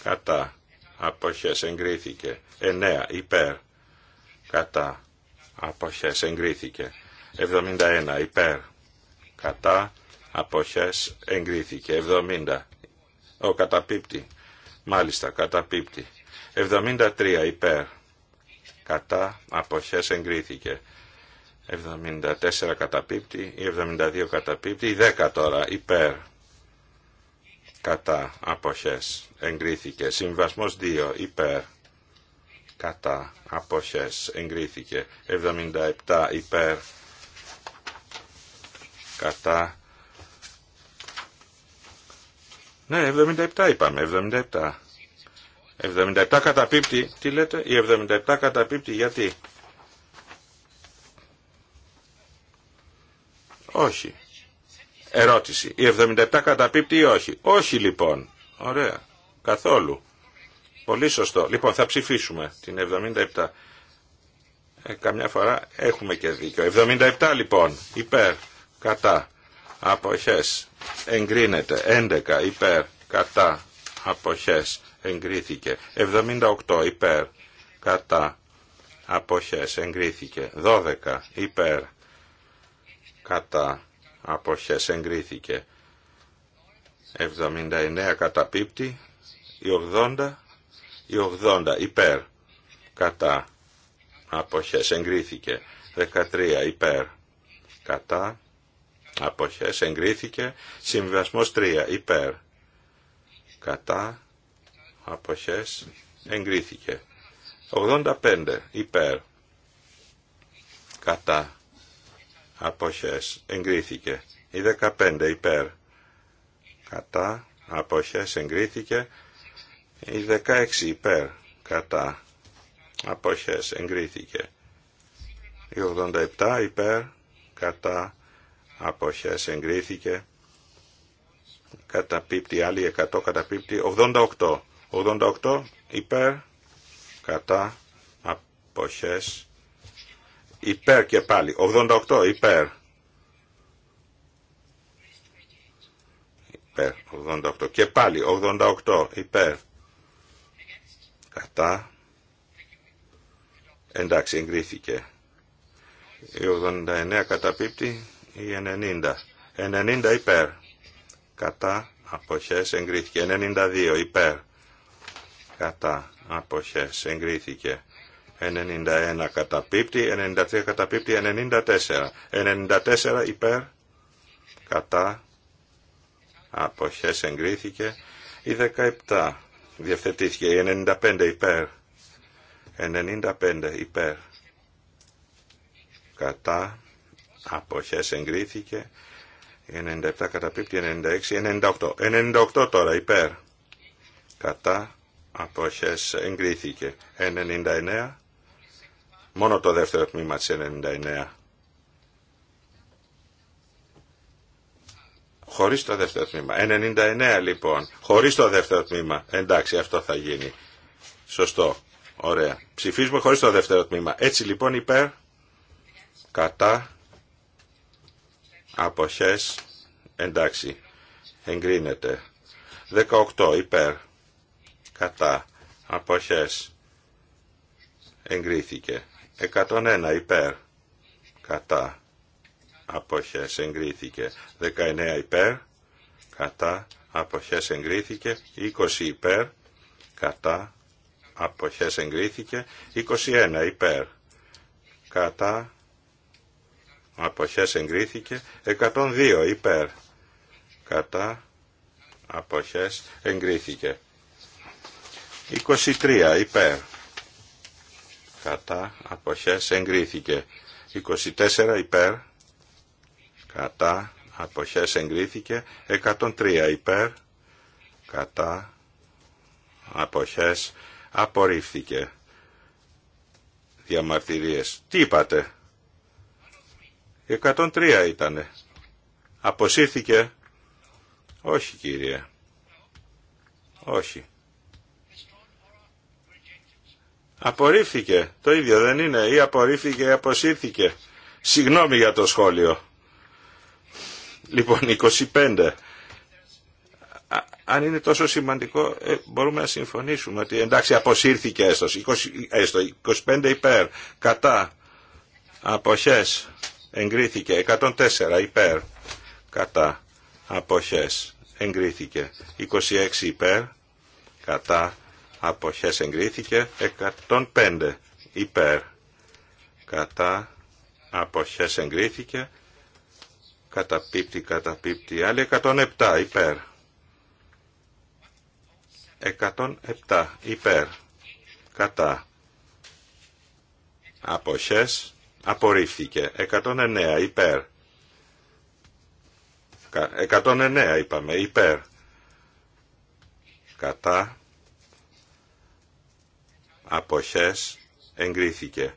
Κατά αποχές εγκρίθηκε. 9 υπέρ κατά αποχές εγκρίθηκε. 71 υπέρ κατά αποχές εγκρίθηκε. 70 ο καταπίπτη. Μάλιστα, καταπίπτη. 73 υπέρ. Κατά, αποχές εγκρίθηκε. 74 καταπίπτη, 72 καταπίπτη, 10 τώρα υπέρ. Κατά, αποχές εγκρίθηκε. Συμβασμό 2 υπέρ κατά Αποχέ. εγκρίθηκε. 77 υπέρ κατά ναι, 77 είπαμε, 77. 77 καταπίπτει, τι λέτε, η 77 καταπίπτει γιατί. Όχι. Ερώτηση. Η 77 καταπίπτει ή όχι. Όχι λοιπόν. Ωραία. Καθόλου. Πολύ σωστό. Λοιπόν, θα ψηφίσουμε την 77. Ε, καμιά φορά έχουμε και δίκιο. 77 λοιπόν, υπέρ, κατά, αποχές, εγκρίνεται. 11, υπέρ, κατά, αποχές, εγκρίθηκε. 78, υπέρ, κατά, αποχές, εγκρίθηκε. 12, υπέρ, κατά, αποχές, εγκρίθηκε. 79 καταπίπτει, η 80, η 80 υπέρ κατά αποχές εγκρίθηκε. 13 υπέρ κατά αποχές εγκρίθηκε. Συμβιβασμός 3 υπέρ κατά αποχές εγκρίθηκε. 85 υπέρ κατά αποχές εγκρίθηκε. Η 15 υπέρ κατά αποχές εγκρίθηκε. Η 16 υπέρ κατά αποχές εγκρίθηκε. Η 87 υπέρ κατά αποχές εγκρίθηκε. Καταπίπτει άλλη 100 καταπίπτει. 88. 88 υπέρ κατά αποχές υπέρ και πάλι. 88 υπέρ. Υπέρ 88 και πάλι 88 υπέρ Κατά. Εντάξει, εγκρίθηκε. Η 89 καταπίπτει ή 90. 90 υπέρ. Κατά. Αποχές εγκρίθηκε. 92 υπέρ. Κατά. Αποχές εγκρίθηκε. 91 καταπίπτει, 93 καταπίπτει, 94. 94 υπέρ, κατά, αποχές εγκρίθηκε. Η 17 Διευθετήθηκε η 95 υπέρ. 95 υπέρ. Κατά. Αποχές εγκρίθηκε. 97 καταπίπτει 96. 98. 98 τώρα υπέρ. Κατά. Αποχές εγκρίθηκε. 99. Μόνο το δεύτερο τμήμα της 99. Χωρίς το δεύτερο τμήμα. 99 λοιπόν. Χωρίς το δεύτερο τμήμα. Εντάξει, αυτό θα γίνει. Σωστό. Ωραία. Ψηφίζουμε χωρίς το δεύτερο τμήμα. Έτσι λοιπόν υπέρ, κατά, αποχές, εντάξει, εγκρίνεται. 18 υπέρ, κατά, αποχές, εγκρίθηκε. 101 υπέρ, κατά, αποχές εγκρίθηκε. 19 υπέρ, κατά, αποχές εγκρίθηκε. 20 υπέρ, κατά, αποχές εγκρίθηκε. 21 υπέρ, κατά, αποχές εγκρίθηκε. 102 υπέρ, κατά, αποχές εγκρίθηκε. 23 υπέρ, κατά, αποχές εγκρίθηκε. 24 υπέρ, κατά αποχές εγκρίθηκε 103 υπέρ κατά αποχές απορρίφθηκε διαμαρτυρίες τι είπατε 103 ήτανε αποσύρθηκε όχι κύριε όχι απορρίφθηκε το ίδιο δεν είναι ή απορρίφθηκε ή αποσύρθηκε συγγνώμη για το σχόλιο Λοιπόν, 25. Αν είναι τόσο σημαντικό, ε, μπορούμε να συμφωνήσουμε ότι εντάξει αποσύρθηκε έστω, 20, έστω 25 υπέρ, κατά, αποχές, εγκρίθηκε, 104 υπέρ, κατά, αποχές, εγκρίθηκε, 26 υπέρ, κατά, αποχές εγκρίθηκε, 105 υπέρ, κατά, αποχές εγκρίθηκε, Καταπίπτει, καταπίπτει. Άλλη 107 υπέρ. 107 υπέρ. Κατά. Αποχές. Απορρίφθηκε. 109 υπέρ. 109 είπαμε. Υπέρ. Κατά. Αποχές. Εγκρίθηκε.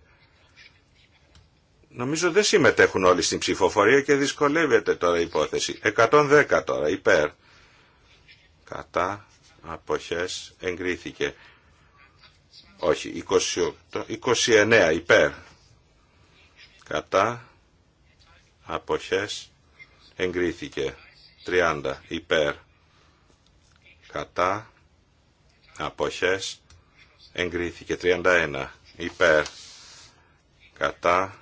Νομίζω δεν συμμετέχουν όλοι στην ψηφοφορία και δυσκολεύεται τώρα η υπόθεση. 110 τώρα, υπέρ. Κατά, αποχές, εγκρίθηκε. Όχι, 28, 29, υπέρ. Κατά, αποχές, εγκρίθηκε. 30, υπέρ. Κατά, αποχές, εγκρίθηκε. 31, υπέρ. Κατά,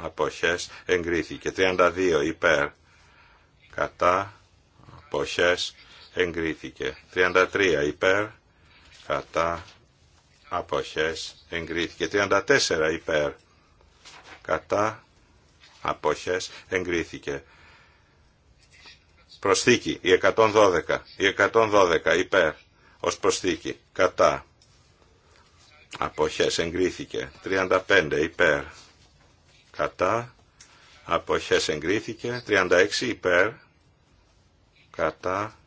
αποχές εγκρίθηκε. 32 υπέρ κατά αποχές εγκρίθηκε. 33 υπέρ κατά αποχές εγκρίθηκε. 34 υπέρ κατά αποχές εγκρίθηκε. Προσθήκη, η 112, η 112 υπέρ ως προσθήκη, κατά, αποχές εγκρίθηκε, 35 υπέρ, κατά αποχές εγκρίθηκε 36 υπέρ κατά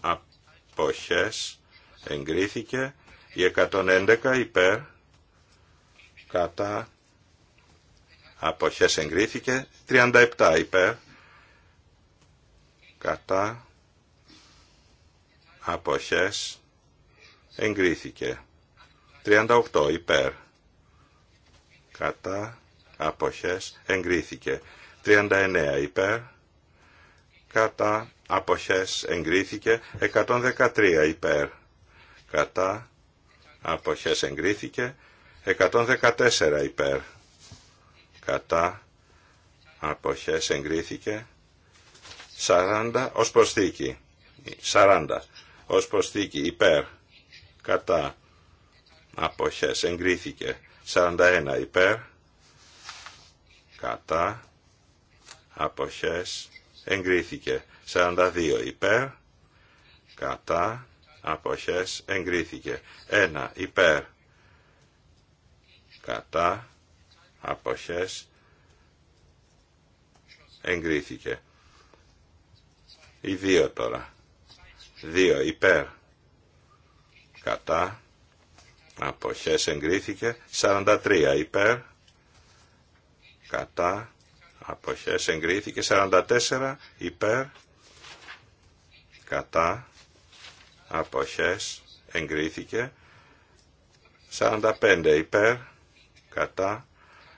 αποχές εγκρίθηκε η 111 υπέρ κατά αποχές εγκρίθηκε 37 υπέρ κατά αποχές εγκρίθηκε 38 υπέρ κατά αποχές εγκρίθηκε. 39 υπέρ κατά αποχές εγκρίθηκε. 113 υπέρ κατά αποχές εγκρίθηκε. 114 υπέρ κατά αποχές εγκρίθηκε. 40 ως προσθήκη. 40 ως προσθήκη υπέρ κατά αποχές εγκρίθηκε. 41 υπέρ κατά, αποχές, εγκρίθηκε. 42 υπέρ, κατά, αποχές, εγκρίθηκε. 1 υπέρ, κατά, αποχές, εγκρίθηκε. Οι 2 τώρα. 2 υπέρ, κατά, αποχές, εγκρίθηκε. 43 υπέρ, κατά, αποχές εγκρίθηκε 44 υπέρ, κατά, αποχές εγκρίθηκε 45 υπέρ, κατά,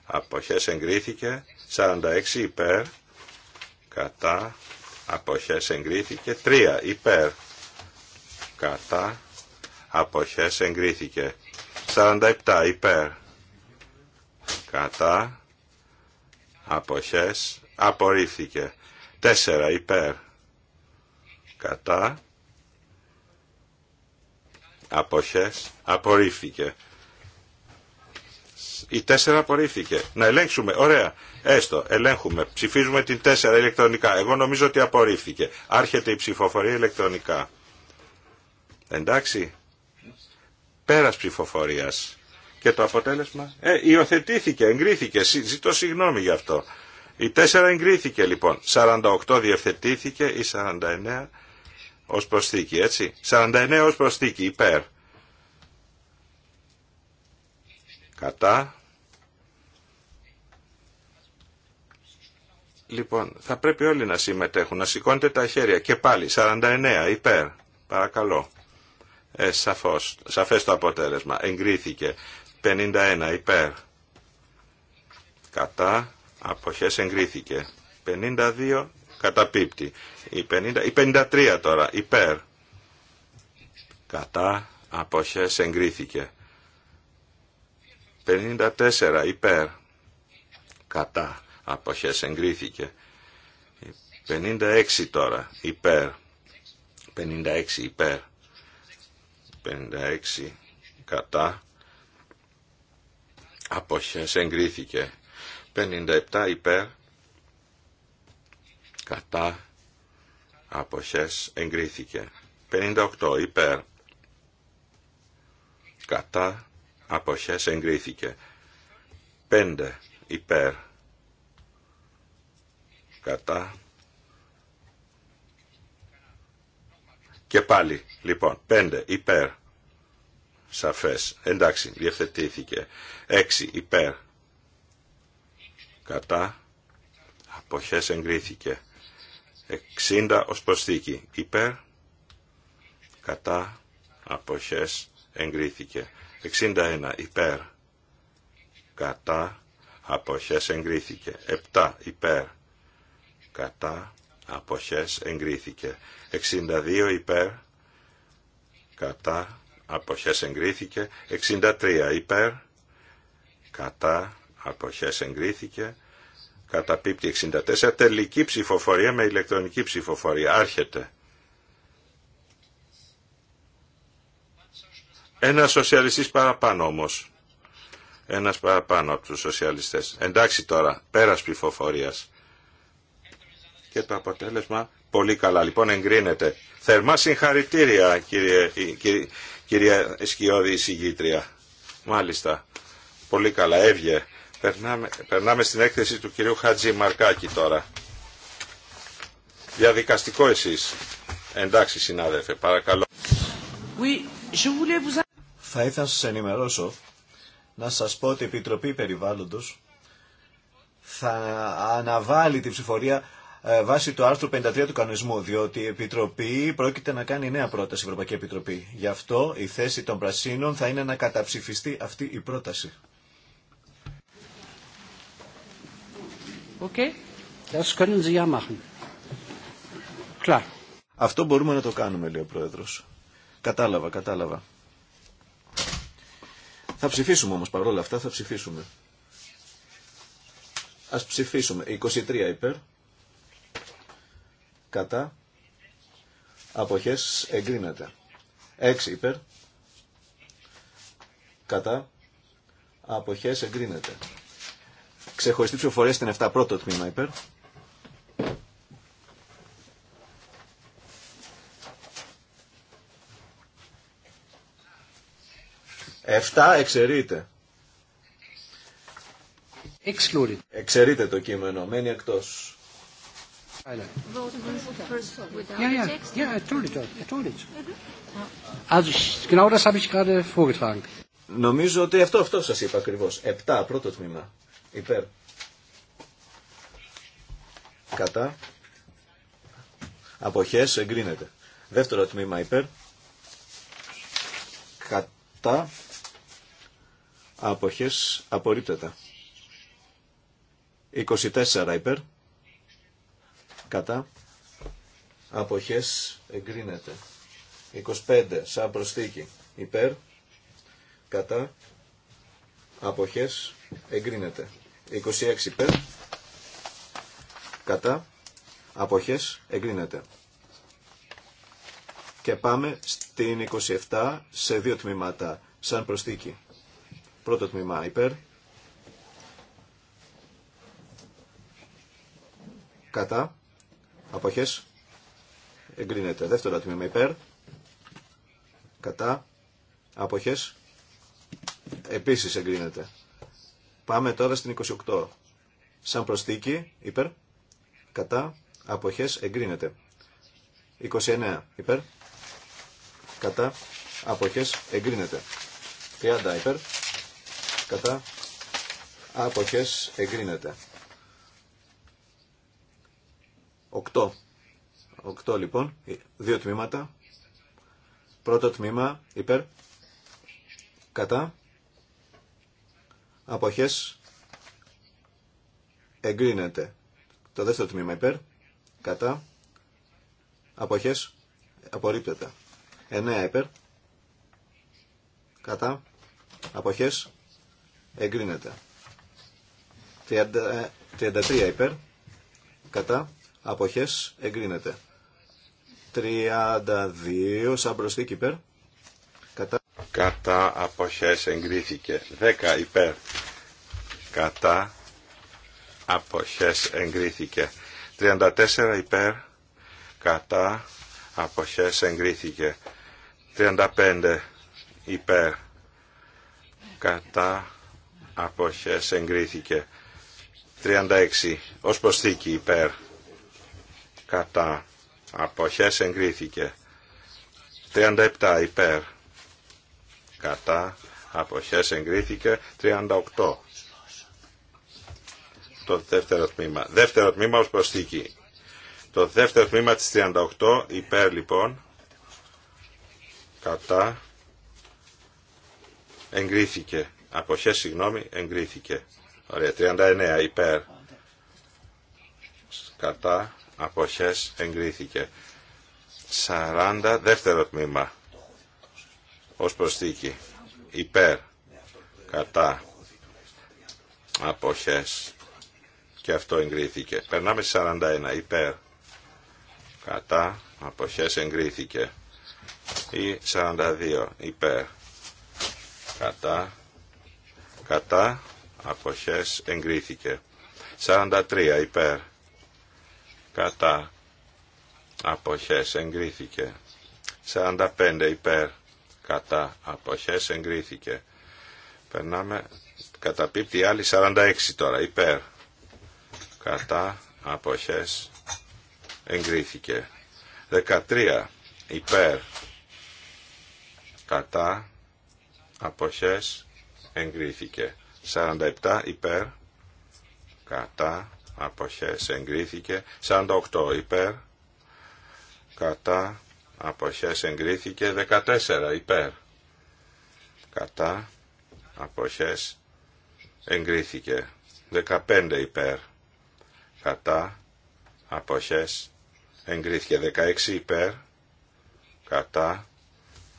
αποχές εγκρίθηκε 46 υπέρ, κατά, αποχές εγκρίθηκε 3 υπέρ, κατά, αποχές εγκρίθηκε 47 υπέρ, κατά, αποχές απορρίφθηκε Τέσσερα. υπέρ κατά αποχές απορρίφθηκε η τέσσερα απορρίφθηκε. Να ελέγξουμε. Ωραία. Έστω. Ελέγχουμε. Ψηφίζουμε την τέσσερα ηλεκτρονικά. Εγώ νομίζω ότι απορρίφθηκε. Άρχεται η ψηφοφορία ηλεκτρονικά. Εντάξει. Πέρας ψηφοφορίας. Και το αποτέλεσμα ε, υιοθετήθηκε, εγκρίθηκε, ζητώ συγγνώμη γι' αυτό. Η 4 εγκρίθηκε λοιπόν, 48 διευθετήθηκε, η 49 ως προσθήκη, έτσι. 49 ως προσθήκη, υπέρ. Κατά. Λοιπόν, θα πρέπει όλοι να συμμετέχουν, να σηκώνετε τα χέρια. Και πάλι, 49, υπέρ. Παρακαλώ. Ε, σαφώς, σαφές το αποτέλεσμα. Εγκρίθηκε. 51 υπέρ. Κατά αποχές εγκρίθηκε. 52 καταπίπτει. Η, 50, η 53 τώρα υπέρ. Κατά αποχές εγκρίθηκε. 54 υπέρ. Κατά αποχές εγκρίθηκε. 56 τώρα υπέρ. 56 υπέρ. 56 κατά αποχές εγκρίθηκε 57 υπέρ κατά αποχές εγκρίθηκε 58 υπέρ κατά αποχές εγκρίθηκε 5 υπέρ κατά και πάλι λοιπόν 5 υπέρ Σαφές. Εντάξει, διευθετήθηκε. 6 υπέρ. Κατά. Αποχές εγκρίθηκε. 60 ως προσθήκη. Υπέρ. Κατά. Αποχές εγκρίθηκε. 61 υπέρ. Κατά. Αποχές εγκρίθηκε. 7 υπέρ. Κατά. Αποχές εγκρίθηκε. 62 υπέρ. Κατά αποχές εγκρίθηκε. 63 υπέρ, κατά, αποχές εγκρίθηκε. Καταπίπτει 64. Τελική ψηφοφορία με ηλεκτρονική ψηφοφορία. Άρχεται. Ένα σοσιαλιστής παραπάνω όμως. Ένας παραπάνω από τους σοσιαλιστές. Εντάξει τώρα, πέρας ψηφοφορίας. Και το αποτέλεσμα Πολύ καλά, λοιπόν εγκρίνεται. Θερμά συγχαρητήρια κύριε, κύριε, κυρία Σκιώδη συγγήτρια. Μάλιστα. Πολύ καλά, έβγε. Περνάμε, περνάμε στην έκθεση του κυρίου Χατζη Μαρκάκη τώρα. Διαδικαστικό εσείς. Εντάξει συνάδελφε, παρακαλώ. Θα ήθελα να σας ενημερώσω, να σας πω ότι η Επιτροπή Περιβάλλοντος θα αναβάλει την ψηφορία ε, βάσει του άρθρου 53 του κανονισμού, διότι η Επιτροπή πρόκειται να κάνει νέα πρόταση, η Ευρωπαϊκή Επιτροπή. Γι' αυτό η θέση των Πρασίνων θα είναι να καταψηφιστεί αυτή η πρόταση. Okay. Αυτό μπορούμε να το κάνουμε, λέει ο Πρόεδρος. Κατάλαβα, κατάλαβα. Θα ψηφίσουμε όμως παρόλα αυτά, θα ψηφίσουμε. Ας ψηφίσουμε. 23 υπέρ κατά, αποχές εγκρίνεται. 6 υπέρ, κατά, αποχές εγκρίνεται. Ξεχωριστή ψηφοφορία στην 7 πρώτο τμήμα υπέρ. Εφτά εξαιρείται. Εξαιρείται το κείμενο, μένει εκτός. Νομίζω ότι αυτό, αυτό σας είπα ακριβώς. 7, πρώτο τμήμα. Υπέρ. Κατά. Αποχές εγκρίνεται. Δεύτερο τμήμα υπέρ. Κατά. Αποχές απορρίπτεται. 24 υπέρ κατά αποχές εγκρίνεται. 25 σαν προσθήκη υπέρ κατά αποχές εγκρίνεται. 26 υπέρ κατά αποχές εγκρίνεται. Και πάμε στην 27 σε δύο τμήματα σαν προσθήκη. Πρώτο τμήμα υπέρ κατά Αποχές. Εγκρίνεται. Δεύτερο τμήμα υπέρ. Κατά. Αποχές. Επίσης εγκρίνεται. Πάμε τώρα στην 28. Σαν προσθήκη υπέρ. Κατά. Αποχές. Εγκρίνεται. 29 υπέρ. Κατά. Αποχές. Εγκρίνεται. 30 υπέρ. Κατά. Αποχές. Εγκρίνεται. 8. 8 λοιπόν, ε, δύο τμήματα. Πρώτο τμήμα υπέρ, κατά, αποχές, εγκρίνεται. Το δεύτερο τμήμα υπέρ, κατά, αποχές, απορρίπτεται. 9 υπέρ, κατά, αποχές, εγκρίνεται. 33 ε, υπέρ, κατά, αποχές εγκρίνεται. 32 σαν προσθήκη υπέρ. Κατά... κατά αποχές εγκρίθηκε. 10 υπέρ. Κατά αποχές εγκρίθηκε. 34 υπέρ. Κατά αποχές εγκρίθηκε. 35 υπέρ. Κατά αποχές εγκρίθηκε. 36 ως προσθήκη υπέρ κατά αποχές εγκρίθηκε 37 υπέρ κατά αποχές εγκρίθηκε 38 το δεύτερο τμήμα δεύτερο τμήμα ως προσθήκη το δεύτερο τμήμα της 38 υπέρ λοιπόν κατά εγκρίθηκε αποχές συγγνώμη εγκρίθηκε ωραία 39 υπέρ κατά αποχές εγκρίθηκε. 40 δεύτερο τμήμα ως προσθήκη υπέρ κατά αποχές και αυτό εγκρίθηκε. Περνάμε στις 41 υπέρ κατά αποχές εγκρίθηκε ή 42 υπέρ κατά κατά αποχές εγκρίθηκε. 43 υπέρ κατά αποχές εγκρίθηκε 45 υπέρ κατά αποχές εγκρίθηκε περνάμε πίπτη άλλη 46 τώρα υπέρ κατά αποχές εγκρίθηκε 13 υπέρ κατά αποχές εγκρίθηκε 47 υπέρ κατά αποχές εγκρίθηκε 48 υπέρ κατά αποχές εγκρίθηκε 14 υπέρ κατά αποχές εγκρίθηκε 15 υπέρ κατά αποχές εγκρίθηκε 16 υπέρ κατά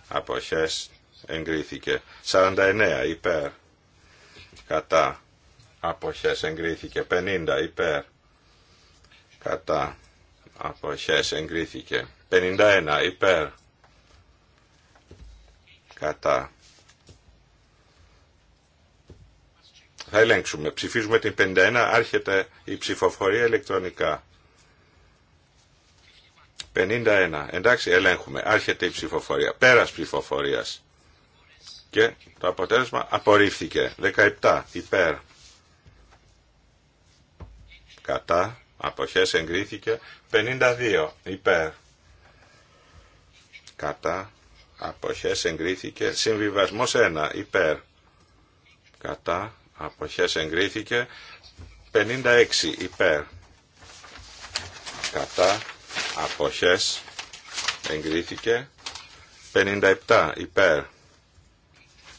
αποχές εγκρίθηκε 49 υπέρ κατά αποχές εγκρίθηκε 50 υπέρ κατά αποχές εγκρίθηκε 51 υπέρ κατά θα ελέγξουμε ψηφίζουμε την 51 άρχεται η ψηφοφορία ηλεκτρονικά 51 εντάξει ελέγχουμε άρχεται η ψηφοφορία πέρας ψηφοφορίας και το αποτέλεσμα απορρίφθηκε 17 υπέρ κατά, αποχές εγκρίθηκε 52 υπέρ κατά αποχές εγκρίθηκε συμβιβασμός 1 υπέρ κατά αποχές εγκρίθηκε 56 υπέρ κατά αποχές εγκρίθηκε 57 υπέρ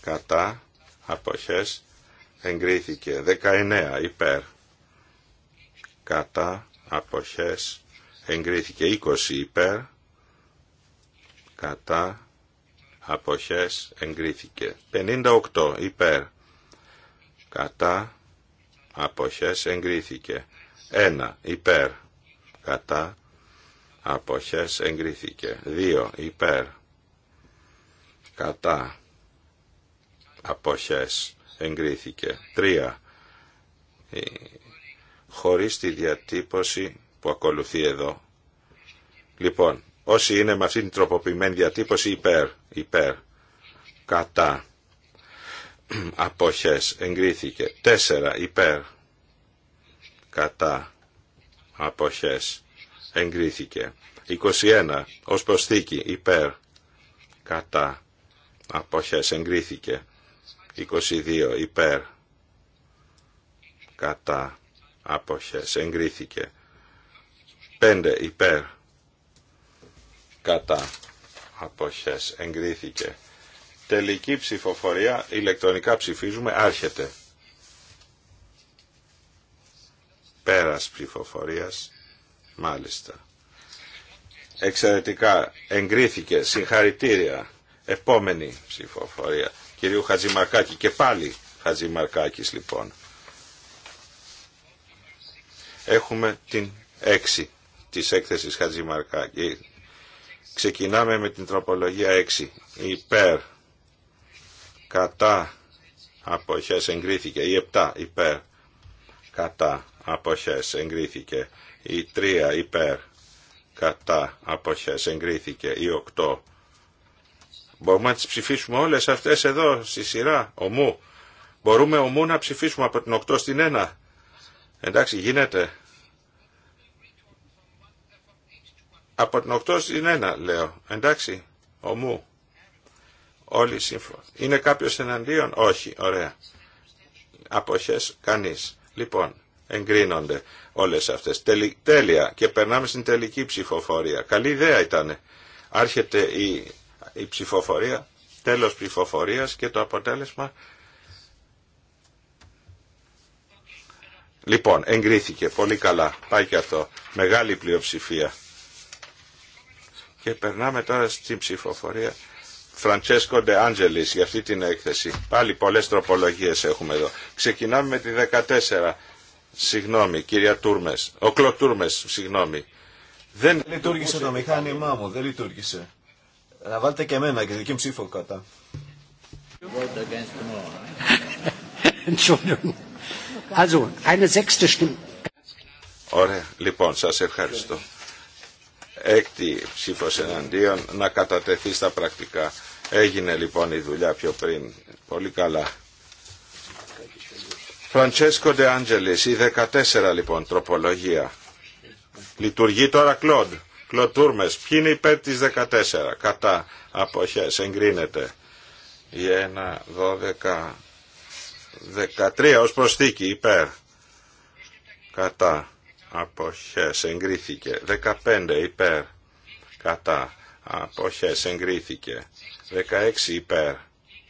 κατά αποχές εγκρίθηκε 19 υπέρ κατά αποχές εγκρίθηκε 20 υπέρ κατά αποχές εγκρίθηκε 58 υπέρ κατά αποχές εγκρίθηκε 1 υπέρ κατά αποχές εγκρίθηκε 2 υπέρ κατά αποχές εγκρίθηκε 3 χωρίς τη διατύπωση που ακολουθεί εδώ. Λοιπόν, όσοι είναι με αυτήν την τροποποιημένη διατύπωση υπέρ, υπέρ, κατά, αποχές, εγκρίθηκε. Τέσσερα, υπέρ, κατά, αποχές, εγκρίθηκε. 21. Ως προσθήκη, υπέρ, κατά, αποχές, εγκρίθηκε. 22. Υπέρ, κατά, αποχές εγκρίθηκε πέντε υπέρ κατά αποχές εγκρίθηκε τελική ψηφοφορία ηλεκτρονικά ψηφίζουμε άρχεται πέρας ψηφοφορίας μάλιστα εξαιρετικά εγκρίθηκε συγχαρητήρια επόμενη ψηφοφορία κυρίου Χατζημαρκάκη και πάλι Χατζημαρκάκης λοιπόν Έχουμε την 6 της έκθεση Χατζημαρκάκη. Ξεκινάμε με την τροπολογία 6. Υπέρ, κατά, αποχές εγκρίθηκε. Η 7 υπέρ, κατά, αποχές εγκρίθηκε. Η 3 υπέρ, κατά, αποχές εγκρίθηκε. Η 8 Μπορούμε να τις ψηφίσουμε όλες αυτές εδώ στη σειρά, ομού. Μπορούμε ομού να ψηφίσουμε από την 8 στην 1. Εντάξει, γίνεται. Από την 8 στην 1 λέω. Εντάξει, ομού. Όλοι σύμφωνα. Είναι κάποιος εναντίον. Όχι, ωραία. Αποχές κανείς. Λοιπόν, εγκρίνονται όλες αυτές. Τέλεια. Και περνάμε στην τελική ψηφοφορία. Καλή ιδέα ήταν. Άρχεται η, η ψηφοφορία, τέλος ψηφοφορίας και το αποτέλεσμα Λοιπόν, εγκρίθηκε. Πολύ καλά. Πάει και αυτό. Μεγάλη πλειοψηφία. Και περνάμε τώρα στην ψηφοφορία. Φραντσέσκο Ντε Άντζελης για αυτή την έκθεση. Πάλι πολλές τροπολογίες έχουμε εδώ. Ξεκινάμε με τη 14. Συγγνώμη, κυρία Τούρμες. Ο Κλωτ Τούρμες, συγγνώμη. Δεν λειτουργήσε το μηχάνημά μου, δεν λειτουργήσε. Να βάλετε και εμένα και δική ψήφο κατά. Ωραία, λοιπόν, σας ευχαριστώ. Έκτη ψήφος εναντίον να κατατεθεί στα πρακτικά. Έγινε λοιπόν η δουλειά πιο πριν. Πολύ καλά. Φραντσέσκο Ντε Άντζελης, η 14 λοιπόν τροπολογία. Λειτουργεί τώρα Κλοντ. Κλοντ Τούρμες, ποιοι είναι υπέρ της 14. Κατά αποχές, εγκρίνεται. Η 1, 12, 13 ως προσθήκη υπέρ κατά αποχές εγκρίθηκε 15 υπέρ κατά αποχές εγκρίθηκε 16 υπέρ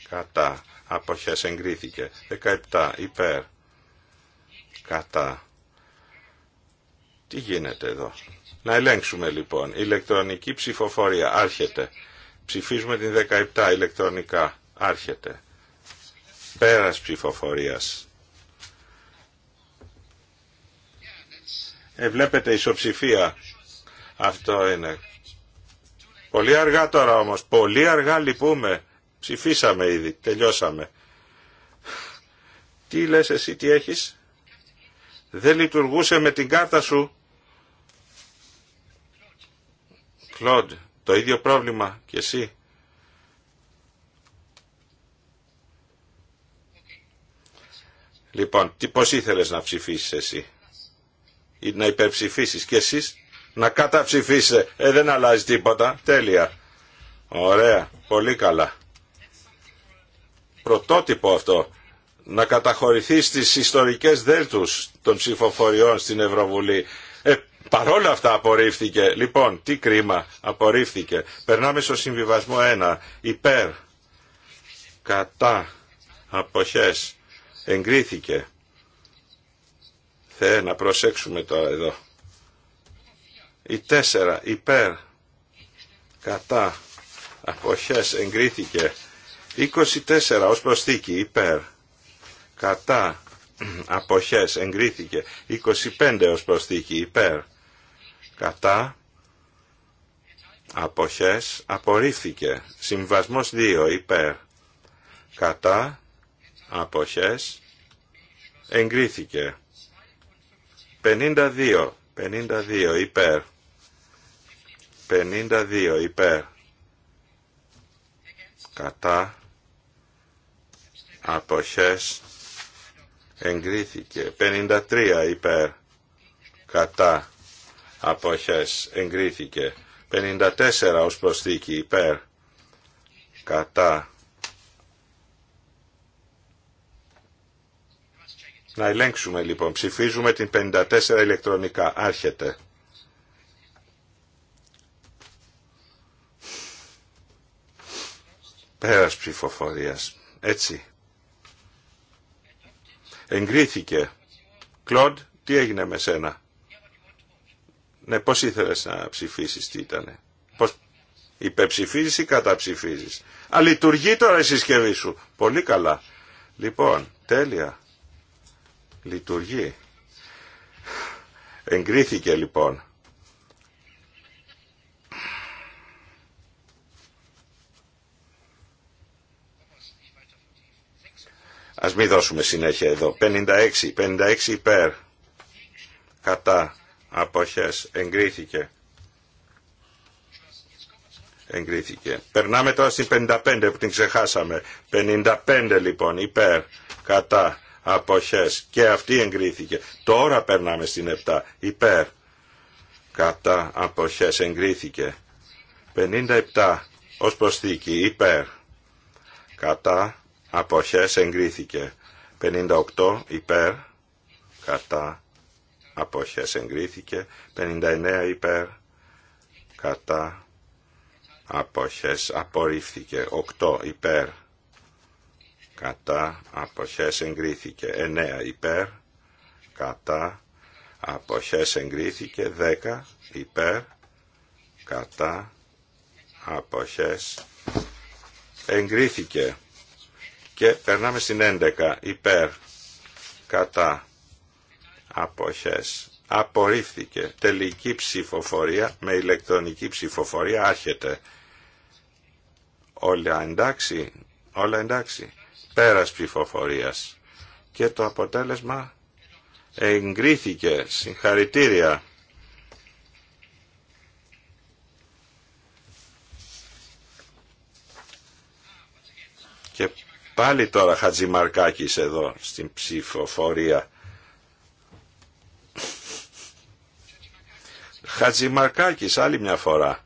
κατά αποχές εγκρίθηκε 17 υπέρ κατά τι γίνεται εδώ να ελέγξουμε λοιπόν ηλεκτρονική ψηφοφορία άρχεται ψηφίζουμε την 17 ηλεκτρονικά άρχεται Πέρας ψηφοφορίας. Ε, βλέπετε ισοψηφία. Αυτό είναι. Πολύ αργά τώρα όμως. Πολύ αργά λυπούμε. Ψηφίσαμε ήδη. Τελειώσαμε. Τι λες εσύ, τι έχεις. Δεν λειτουργούσε με την κάρτα σου. Κλοντ, το ίδιο πρόβλημα και εσύ. Λοιπόν, τι, πώς ήθελες να ψηφίσεις εσύ ή να υπερψηφίσεις και εσείς να καταψηφίσει; Ε, δεν αλλάζει τίποτα. Τέλεια. Ωραία. Πολύ καλά. Πρωτότυπο αυτό. Να καταχωρηθεί στις ιστορικές δέλτους των ψηφοφοριών στην Ευρωβουλή. Ε, παρόλα αυτά απορρίφθηκε. Λοιπόν, τι κρίμα. Απορρίφθηκε. Περνάμε στο συμβιβασμό 1. Υπέρ. Κατά. Αποχές Εγκρίθηκε. Θεέ, να προσέξουμε τώρα εδώ. Η τέσσερα υπέρ κατά αποχές εγκρίθηκε. 24 ως προσθήκη υπέρ κατά αποχές εγκρίθηκε. 25 ως προσθήκη υπέρ κατά αποχές απορρίφθηκε. Συμβασμός 2 υπέρ κατά αποχές εγκρίθηκε 52 52 υπέρ 52 υπέρ κατά αποχές εγκρίθηκε 53 υπέρ κατά αποχές εγκρίθηκε 54 ως προσθήκη υπέρ κατά Να ελέγξουμε λοιπόν. Ψηφίζουμε την 54 ηλεκτρονικά. Άρχεται. Πέρας ψηφοφορίας. Έτσι. Εγκρίθηκε. Κλοντ, τι έγινε με σένα. Ναι, πώς ήθελες να ψηφίσεις, τι ήτανε. Πώς υπεψηφίζεις ή καταψηφίζεις. Α, λειτουργεί τώρα η συσκευή σου. Πολύ καλά. Λοιπόν, τέλεια. Λειτουργεί. Εγκρίθηκε λοιπόν. Ας μην δώσουμε συνέχεια εδώ. 56, 56 υπέρ. Κατά. Αποχές. Εγκρίθηκε. Εγκρίθηκε. Περνάμε τώρα στην 55 που την ξεχάσαμε. 55 λοιπόν υπέρ. Κατά αποχές και αυτή εγκρίθηκε. Τώρα περνάμε στην 7 υπέρ κατά αποχές εγκρίθηκε. 57 ως προσθήκη υπέρ κατά αποχές εγκρίθηκε. 58 υπέρ κατά αποχές εγκρίθηκε. 59 υπέρ κατά αποχές απορρίφθηκε. 8 υπέρ κατά αποχές εγκρίθηκε 9 υπέρ κατά αποχές εγκρίθηκε 10 υπέρ κατά αποχές εγκρίθηκε και περνάμε στην 11 υπέρ κατά αποχές απορρίφθηκε τελική ψηφοφορία με ηλεκτρονική ψηφοφορία άρχεται όλα εντάξει όλα εντάξει Πέρας ψηφοφορίας. Και το αποτέλεσμα εγκρίθηκε. Συγχαρητήρια. Και πάλι τώρα Χατζημαρκάκης εδώ στην ψηφοφορία. Χατζημαρκάκης άλλη μια φορά.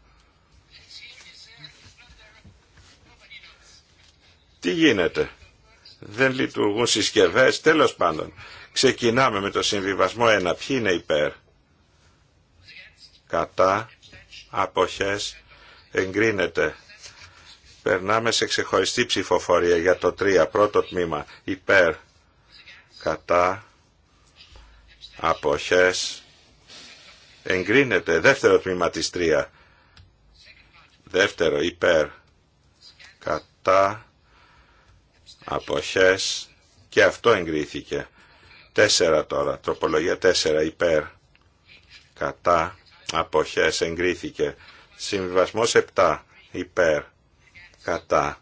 Τι γίνεται δεν λειτουργούν συσκευές, τέλος πάντων. Ξεκινάμε με το συμβιβασμό 1. Ποιοι είναι υπέρ. Κατά. Αποχές. Εγκρίνεται. Περνάμε σε ξεχωριστή ψηφοφορία για το 3. Πρώτο τμήμα. Υπέρ. Κατά. Αποχές. Εγκρίνεται. Δεύτερο τμήμα της 3. Δεύτερο. Υπέρ. Κατά αποχές και αυτό εγκρίθηκε. τέσσερα τώρα, τροπολογία τέσσερα υπέρ, κατά, αποχές εγκρίθηκε. Συμβιβασμός επτά υπέρ, κατά,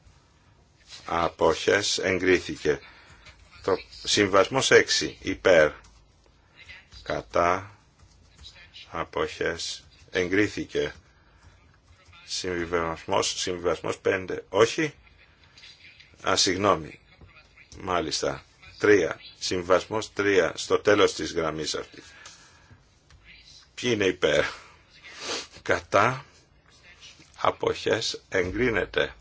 αποχές εγκρίθηκε. Το συμβασμός έξι υπέρ, κατά, αποχές εγκρίθηκε. Συμβιβασμός, συμβιβασμός 5, όχι, Α, συγγνώμη. Μάλιστα. τρία. Συμβασμός τρία Στο τέλος της γραμμής αυτή. Ποιοι είναι υπέρ. Κατά. Αποχές. Εγκρίνεται.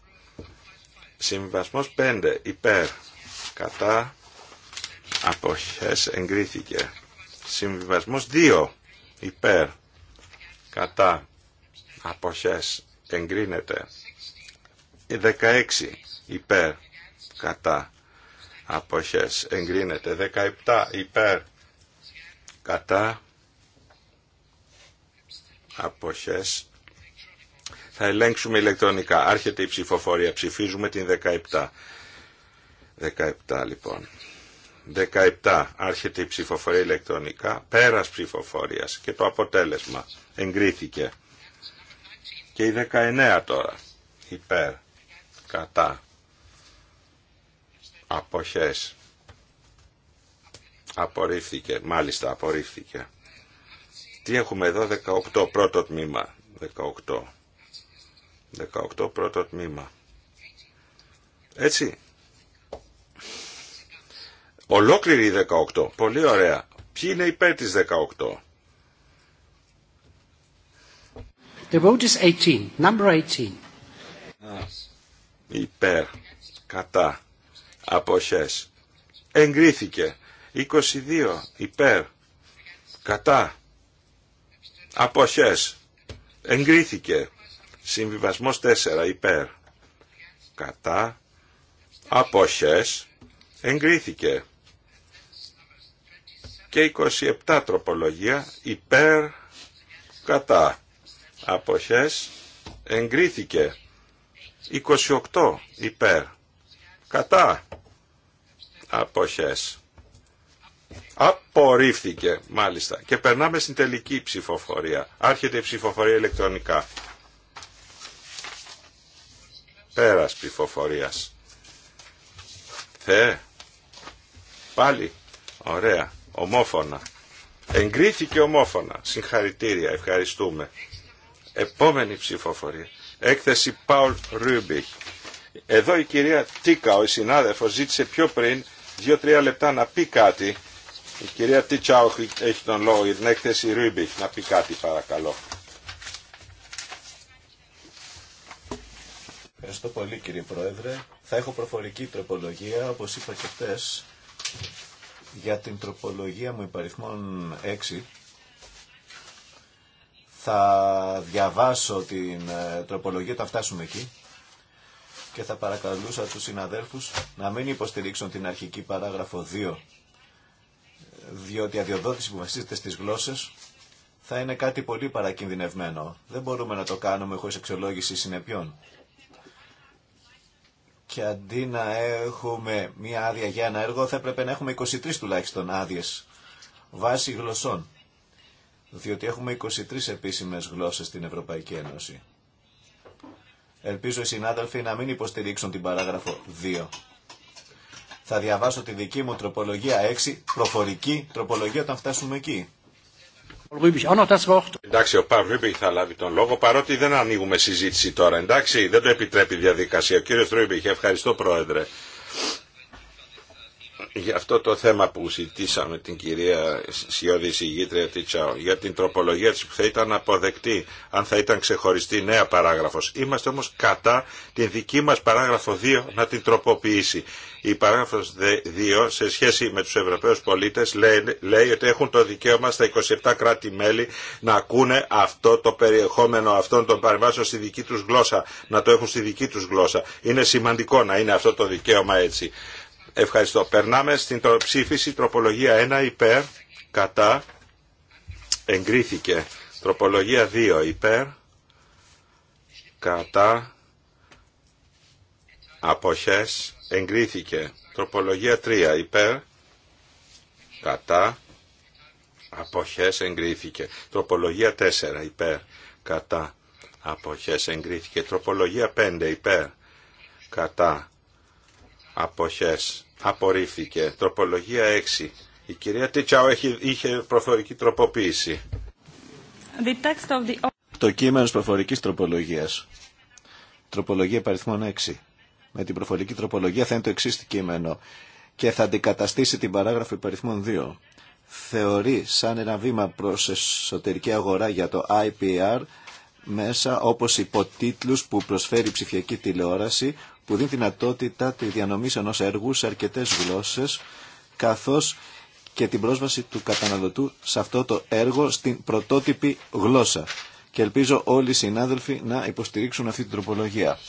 Συμβασμός πέντε Υπέρ. Κατά. Αποχές. Εγκρίθηκε. Συμβασμός δύο Υπέρ. Κατά. Αποχές. Εγκρίνεται. 16. Ε, υπέρ κατά αποχές εγκρίνεται 17 υπέρ κατά αποχές θα ελέγξουμε ηλεκτρονικά άρχεται η ψηφοφορία ψηφίζουμε την 17 17 λοιπόν 17 άρχεται η ψηφοφορία ηλεκτρονικά πέρας ψηφοφορίας και το αποτέλεσμα εγκρίθηκε και η 19 τώρα υπέρ κατά αποχές απορρίφθηκε μάλιστα απορρίφθηκε τι έχουμε εδώ 18 πρώτο τμήμα 18 18 πρώτο τμήμα έτσι ολόκληρη 18 πολύ ωραία ποιοι είναι υπέρ της 18 The vote is 18, number 18. Υπέρ, κατά, αποχές εγκρίθηκε 22 υπέρ κατά αποχές εγκρίθηκε συμβιβασμός 4 υπέρ κατά αποχές εγκρίθηκε και 27 τροπολογία υπέρ κατά αποχές εγκρίθηκε 28 υπέρ Κατά. Αποχές. Απορρίφθηκε μάλιστα. Και περνάμε στην τελική ψηφοφορία. Άρχεται η ψηφοφορία ηλεκτρονικά. Πέρας ψηφοφορίας. Θε. Πάλι. Ωραία. Ομόφωνα. Εγκρίθηκε ομόφωνα. Συγχαρητήρια. Ευχαριστούμε. Επόμενη ψηφοφορία. Έκθεση Paul Rubich εδώ η κυρία Τίκα, ο συνάδελφος, ζήτησε πιο πριν δύο-τρία λεπτά να πει κάτι. Η κυρία Τίτσαου έχει τον λόγο για την έκθεση Να πει κάτι παρακαλώ. Ευχαριστώ πολύ κύριε Πρόεδρε. Θα έχω προφορική τροπολογία, όπως είπα και χτες, για την τροπολογία μου υπαριθμών 6. Θα διαβάσω την ε, τροπολογία όταν φτάσουμε εκεί και θα παρακαλούσα τους συναδέλφους να μην υποστηρίξουν την αρχική παράγραφο 2 διότι η αδειοδότηση που βασίζεται στις γλώσσες θα είναι κάτι πολύ παρακινδυνευμένο. Δεν μπορούμε να το κάνουμε χωρίς εξολόγηση συνεπιών. Και αντί να έχουμε μία άδεια για ένα έργο, θα έπρεπε να έχουμε 23 τουλάχιστον άδειε βάσει γλωσσών. Διότι έχουμε 23 επίσημες γλώσσες στην Ευρωπαϊκή Ένωση. Ελπίζω οι συνάδελφοι να μην υποστηρίξουν την παράγραφο 2. Θα διαβάσω τη δική μου τροπολογία 6, προφορική τροπολογία όταν φτάσουμε εκεί. Εντάξει, ο Παύλ Ρούμπιχ θα λάβει τον λόγο, παρότι δεν ανοίγουμε συζήτηση τώρα. Εντάξει, δεν το επιτρέπει η διαδικασία. Κύριε Ρούμπιχ, ευχαριστώ Πρόεδρε για αυτό το θέμα που ζητήσαμε την κυρία Σιώδη Συγήτρια Τιτσάου για την τροπολογία της που θα ήταν αποδεκτή αν θα ήταν ξεχωριστή νέα παράγραφος. Είμαστε όμως κατά την δική μας παράγραφο 2 να την τροποποιήσει. Η παράγραφος 2 σε σχέση με τους Ευρωπαίους πολίτες λέει, ότι έχουν το δικαίωμα στα 27 κράτη-μέλη να ακούνε αυτό το περιεχόμενο αυτών των παρεμβάσεων στη δική τους γλώσσα, να το έχουν στη δική τους γλώσσα. Είναι σημαντικό να είναι αυτό το δικαίωμα έτσι. Ευχαριστώ. Περνάμε στην ψήφιση τροπολογία 1 υπέρ, κατά, εγκρίθηκε. Τροπολογία 2 υπέρ, κατά, αποχές, εγκρίθηκε. Τροπολογία 3 υπέρ, κατά, αποχές, εγκρίθηκε. Τροπολογία 4 υπέρ, κατά, αποχές, εγκρίθηκε. Τροπολογία 5 υπέρ, κατά, αποχές απορρίφθηκε τροπολογία 6 η κυρία Τιτσάου είχε προφορική τροποποίηση το κείμενο της προφορικής τροπολογίας τροπολογία παριθμών 6 με την προφορική τροπολογία θα είναι το εξή κείμενο και θα αντικαταστήσει την παράγραφο υπαριθμών 2 θεωρεί σαν ένα βήμα προς εσωτερική αγορά για το IPR μέσα όπως υποτίτλους που προσφέρει ψηφιακή τηλεόραση που δίνει δυνατότητα τη διανομή ενό έργου σε αρκετέ γλώσσε, καθώ και την πρόσβαση του καταναλωτού σε αυτό το έργο στην πρωτότυπη γλώσσα. Και ελπίζω όλοι οι συνάδελφοι να υποστηρίξουν αυτή την τροπολογία.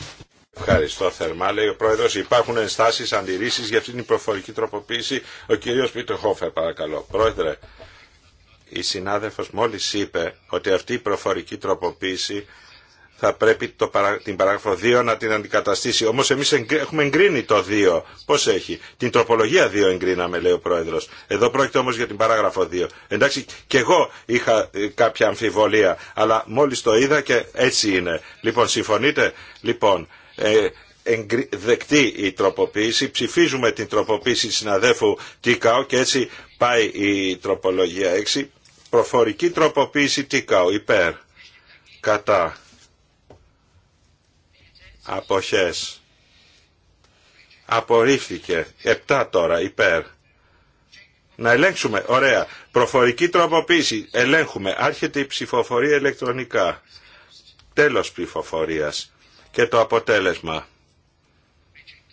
Ευχαριστώ θερμά. Λέει ο Πρόεδρο, υπάρχουν ενστάσει, αντιρρήσει για αυτή την προφορική τροποποίηση. Ο κύριο Πίτερ Χόφερ, παρακαλώ. Πρόεδρε, η συνάδελφο μόλι είπε ότι αυτή η προφορική τροποποίηση θα πρέπει το, την παράγραφο 2 να την αντικαταστήσει. Όμως εμείς έχουμε εγκρίνει το 2. Πώς έχει. Την τροπολογία 2 εγκρίναμε λέει ο Πρόεδρος. Εδώ πρόκειται όμως για την παράγραφο 2. Εντάξει και εγώ είχα ε, κάποια αμφιβολία αλλά μόλις το είδα και έτσι είναι. Λοιπόν συμφωνείτε. Λοιπόν ε, δεκτή η τροποποίηση, ψηφίζουμε την τροποποίηση συναδέφου ΤΙΚΑΟ και έτσι πάει η τροπολογία 6. Προφορική τροποποίηση ΤΙΚΑΟ υπέρ κατά αποχές απορρίφθηκε Επτά τώρα υπέρ να ελέγξουμε ωραία προφορική τροποποίηση ελέγχουμε άρχεται η ψηφοφορία ηλεκτρονικά τέλος ψηφοφορίας και το αποτέλεσμα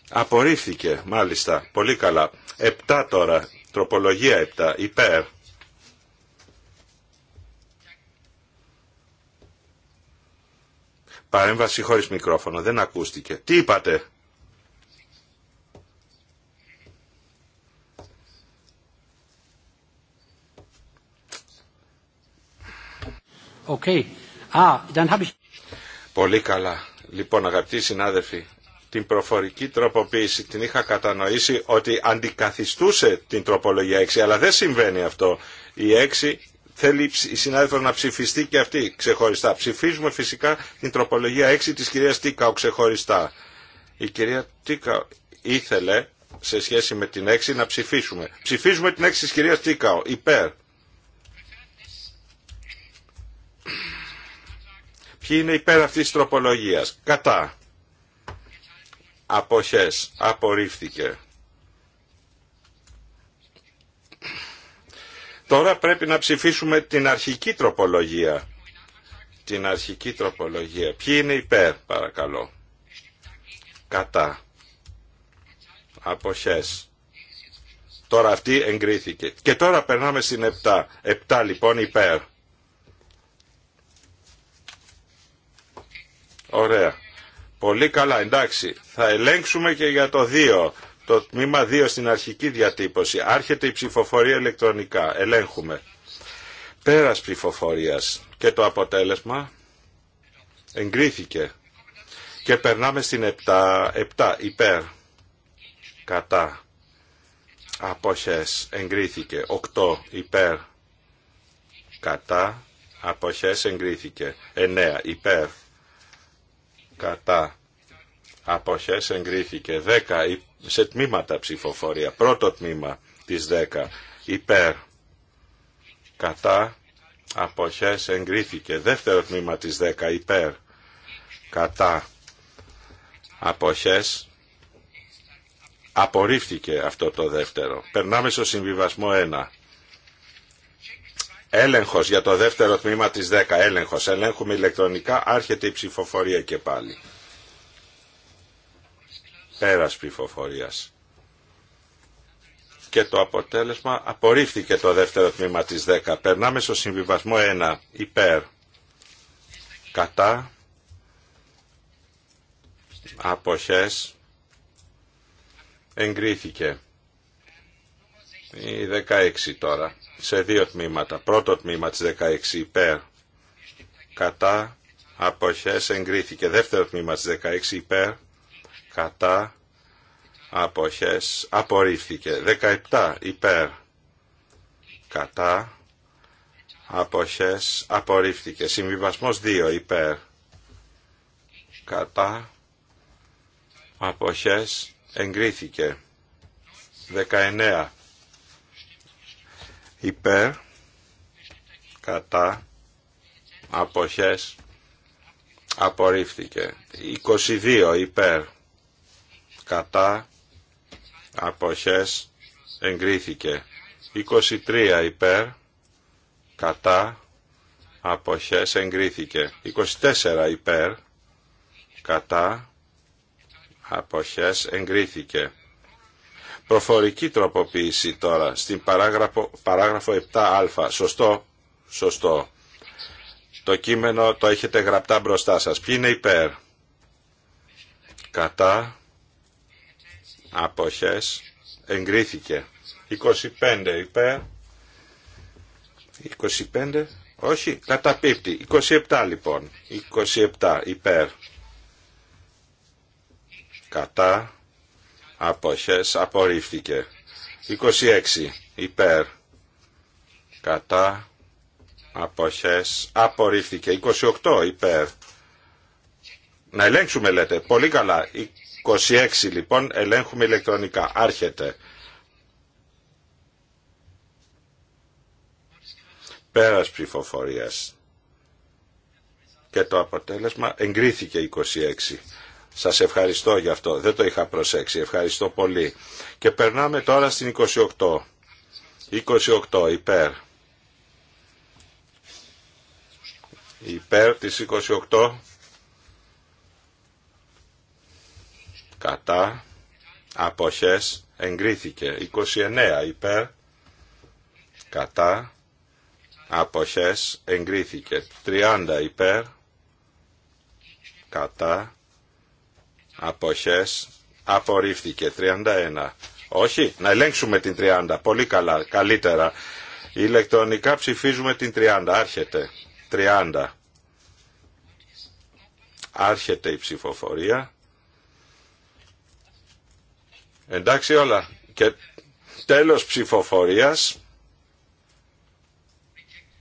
απορρίφθηκε μάλιστα πολύ καλά Επτά τώρα τροπολογία επτά. υπέρ Παρέμβαση χωρίς μικρόφωνο. Δεν ακούστηκε. Τι είπατε. Okay. Ah, Πολύ καλά. Λοιπόν, αγαπητοί συνάδελφοι, την προφορική τροποποίηση την είχα κατανοήσει ότι αντικαθιστούσε την τροπολογία 6, αλλά δεν συμβαίνει αυτό. Η 6 Θέλει η συνάδελφο να ψηφιστεί και αυτή ξεχωριστά. Ψηφίζουμε φυσικά την τροπολογία 6 της κυρίας Τίκαου ξεχωριστά. Η κυρία Τίκαου ήθελε σε σχέση με την 6 να ψηφίσουμε. Ψηφίζουμε την 6 της κυρίας Τίκαου. Υπέρ. Ποιοι είναι υπέρ αυτής της τροπολογίας. Κατά. Αποχές. Απορρίφθηκε. Τώρα πρέπει να ψηφίσουμε την αρχική τροπολογία. Την αρχική τροπολογία. Ποιοι είναι υπέρ, παρακαλώ. Κατά. Αποχές. Τώρα αυτή εγκρίθηκε. Και τώρα περνάμε στην 7. 7 λοιπόν υπέρ. Ωραία. Πολύ καλά, εντάξει. Θα ελέγξουμε και για το 2 το τμήμα 2 στην αρχική διατύπωση. Άρχεται η ψηφοφορία ηλεκτρονικά. Ελέγχουμε. Πέρας ψηφοφορίας και το αποτέλεσμα εγκρίθηκε. Και περνάμε στην 7, 7 υπέρ, κατά, αποχές, εγκρίθηκε. 8 υπέρ, κατά, αποχές, εγκρίθηκε. 9 υπέρ, κατά, αποχές, εγκρίθηκε. 10 σε τμήματα ψηφοφορία. Πρώτο τμήμα της 10 υπέρ κατά αποχές εγκρίθηκε. Δεύτερο τμήμα της 10 υπέρ κατά αποχές απορρίφθηκε αυτό το δεύτερο. Περνάμε στο συμβιβασμό 1. Έλεγχος για το δεύτερο τμήμα της 10. Έλεγχος. Ελέγχουμε ηλεκτρονικά. Άρχεται η ψηφοφορία και πάλι. Πέρας ψηφοφορίας. Και το αποτέλεσμα απορρίφθηκε το δεύτερο τμήμα της 10. Περνάμε στο συμβιβασμό 1. Υπέρ. Κατά. Αποχές. Εγκρίθηκε. Η 16 τώρα. Σε δύο τμήματα. Πρώτο τμήμα της 16. Υπέρ. Κατά. Αποχές. Εγκρίθηκε. Δεύτερο τμήμα της 16. Υπέρ κατά αποχές απορρίφθηκε 17 υπέρ κατά αποχές απορρίφθηκε συμβιβασμός 2 υπέρ κατά αποχές εγκρίθηκε 19 υπέρ κατά αποχές απορρίφθηκε 22 υπέρ κατά αποχές εγκρίθηκε 23 υπέρ κατά αποχές εγκρίθηκε 24 υπέρ κατά αποχές εγκρίθηκε προφορική τροποποίηση τώρα στην παράγραφο, παράγραφο 7α σωστό σωστό το κείμενο το έχετε γραπτά μπροστά σας ποιοι είναι υπέρ κατά αποχές εγκρίθηκε 25 υπέρ 25 όχι καταπίπτει 27 λοιπόν 27 υπέρ κατά αποχές απορρίφθηκε 26 υπέρ κατά αποχές απορρίφθηκε 28 υπέρ να ελέγξουμε λέτε πολύ καλά 26 λοιπόν ελέγχουμε ηλεκτρονικά. Άρχεται. Πέρας ψηφοφορίας. Και το αποτέλεσμα εγκρίθηκε 26. Σας ευχαριστώ για αυτό. Δεν το είχα προσέξει. Ευχαριστώ πολύ. Και περνάμε τώρα στην 28. 28 υπέρ. Υπέρ της 28 κατά, αποχές, εγκρίθηκε. 29 υπέρ, κατά, αποχές, εγκρίθηκε. 30 υπέρ, κατά, αποχές, απορρίφθηκε. 31. Όχι, να ελέγξουμε την 30. Πολύ καλά, καλύτερα. Ηλεκτρονικά ψηφίζουμε την 30. Άρχεται. 30. Άρχεται η ψηφοφορία. Εντάξει όλα. Και τέλος ψηφοφορίας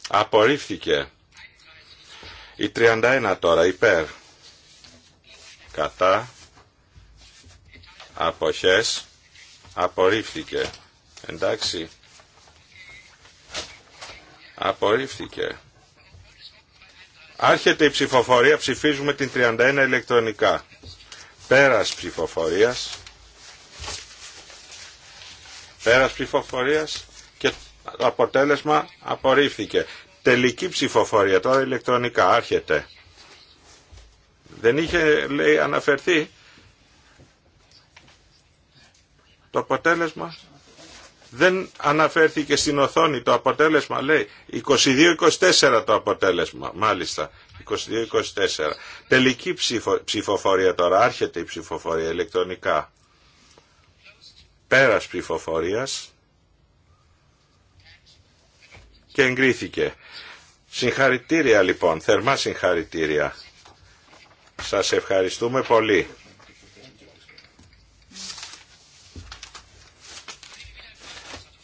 απορρίφθηκε. Η 31 τώρα υπέρ. Κατά. Αποχές. Απορρίφθηκε. Εντάξει. Απορρίφθηκε. Άρχεται η ψηφοφορία, ψηφίζουμε την 31 ηλεκτρονικά. Πέρας ψηφοφορίας Πέρας ψηφοφορίας και το αποτέλεσμα απορρίφθηκε. Τελική ψηφοφορία τώρα ηλεκτρονικά άρχεται. Δεν είχε λέει αναφερθεί το αποτέλεσμα. Δεν αναφέρθηκε στην οθόνη το αποτέλεσμα, λέει. 22-24 το αποτέλεσμα, μάλιστα. 22-24. Τελική ψηφοφορία τώρα, άρχεται η ψηφοφορία ηλεκτρονικά. Πέρας ψηφοφορίας και εγκρίθηκε. Συγχαρητήρια λοιπόν, θερμά συγχαρητήρια. Σας ευχαριστούμε πολύ.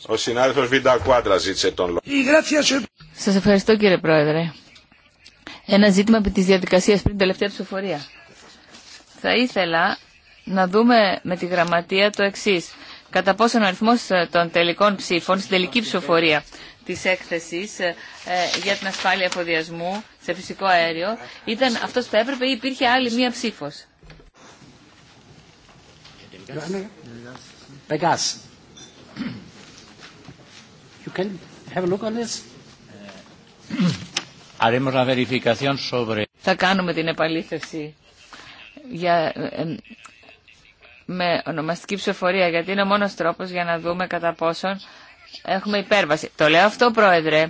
Ο συνάδελφος Βίντα Κουάντρα ζήτησε τον λόγο. Σας ευχαριστώ κύριε Πρόεδρε. Ένα ζήτημα από της διαδικασίας πριν την τελευταία ψηφοφορία. Θα ήθελα να δούμε με τη γραμματεία το εξής κατά πόσο ο αριθμός ε, των τελικών ψήφων στην τελική ψηφοφορία της έκθεσης ε, ε, για την ασφάλεια εφοδιασμού σε φυσικό αέριο ήταν αυτός που έπρεπε ή υπήρχε άλλη μία ψήφος. Θα κάνουμε την επαλήθευση για με ονομαστική ψηφοφορία, γιατί είναι ο μόνος τρόπος για να δούμε κατά πόσον έχουμε υπέρβαση. Το λέω αυτό, Πρόεδρε,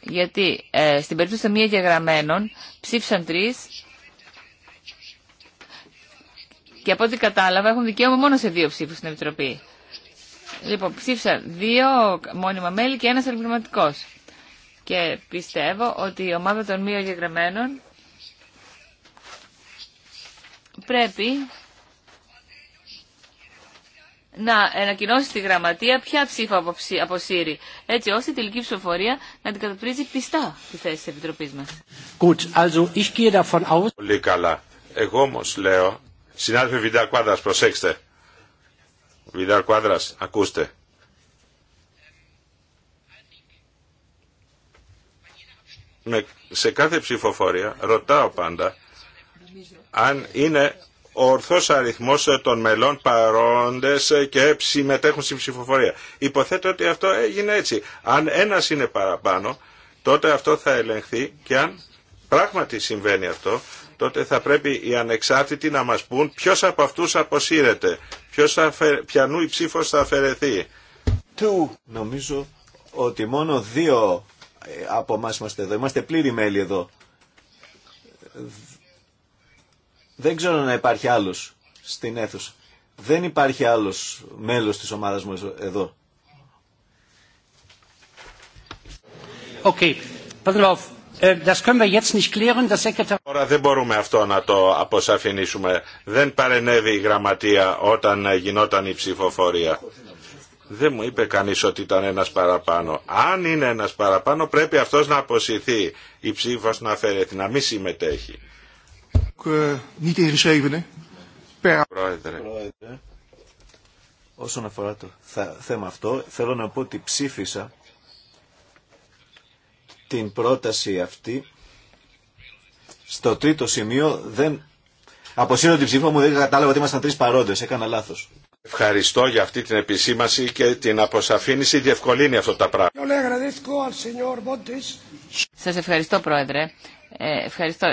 γιατί ε, στην περίπτωση των μία γεγραμμένων ψήφισαν τρει και από ό,τι κατάλαβα έχουν δικαίωμα μόνο σε δύο ψήφους στην Επιτροπή. Λοιπόν, ψήφισαν δύο μόνιμα μέλη και ένας ελπιματικός. Και πιστεύω ότι η ομάδα των μία γεγραμμένων πρέπει να ανακοινώσει στη γραμματεία ποια ψήφα αποσύρει, έτσι ώστε η τελική ψηφοφορία να αντικατοπτρίζει πιστά τη θέση τη επιτροπή μα. Πολύ καλά. Εγώ όμω λέω, συνάδελφοι Βιντάρ προσέξτε. Βιντάρ ακούστε. Με, σε κάθε ψηφοφορία ρωτάω πάντα αν είναι ορθός αριθμός ε, των μελών παρόντες ε, και συμμετέχουν στην ψηφοφορία. Υποθέτω ότι αυτό έγινε έτσι. Αν ένας είναι παραπάνω, τότε αυτό θα ελεγχθεί και αν πράγματι συμβαίνει αυτό, τότε θα πρέπει οι ανεξάρτητοι να μας πούν ποιος από αυτούς αποσύρεται, ποιος πιανού η ψήφος θα αφαιρεθεί. Του. Νομίζω ότι μόνο δύο ε, από εμάς είμαστε εδώ, είμαστε πλήρη μέλη εδώ. Δεν ξέρω να υπάρχει άλλος στην αίθουσα. Δεν υπάρχει άλλος μέλος της ομάδας μου εδώ. Okay. Τώρα δεν μπορούμε αυτό να το αποσαφηνίσουμε. Δεν παρενέβη η γραμματεία όταν γινόταν η ψηφοφορία. Δεν μου είπε κανείς ότι ήταν ένας παραπάνω. Αν είναι ένας παραπάνω πρέπει αυτός να αποσυρθεί. Η ψήφος να αφαιρεθεί, να μην συμμετέχει uh, niet ingeschrevenen. Per... Όσον αφορά το θέμα αυτό, θέλω να πω ότι ψήφισα την πρόταση αυτή. Στο τρίτο σημείο δεν... Αποσύρω την ψήφα μου, δεν κατάλαβα ότι ήμασταν τρεις παρόντες, έκανα λάθος. Ευχαριστώ για αυτή την επισήμαση και την αποσαφήνιση διευκολύνει αυτό τα πράγματα. Σας ευχαριστώ Πρόεδρε. Ε, ευχαριστώ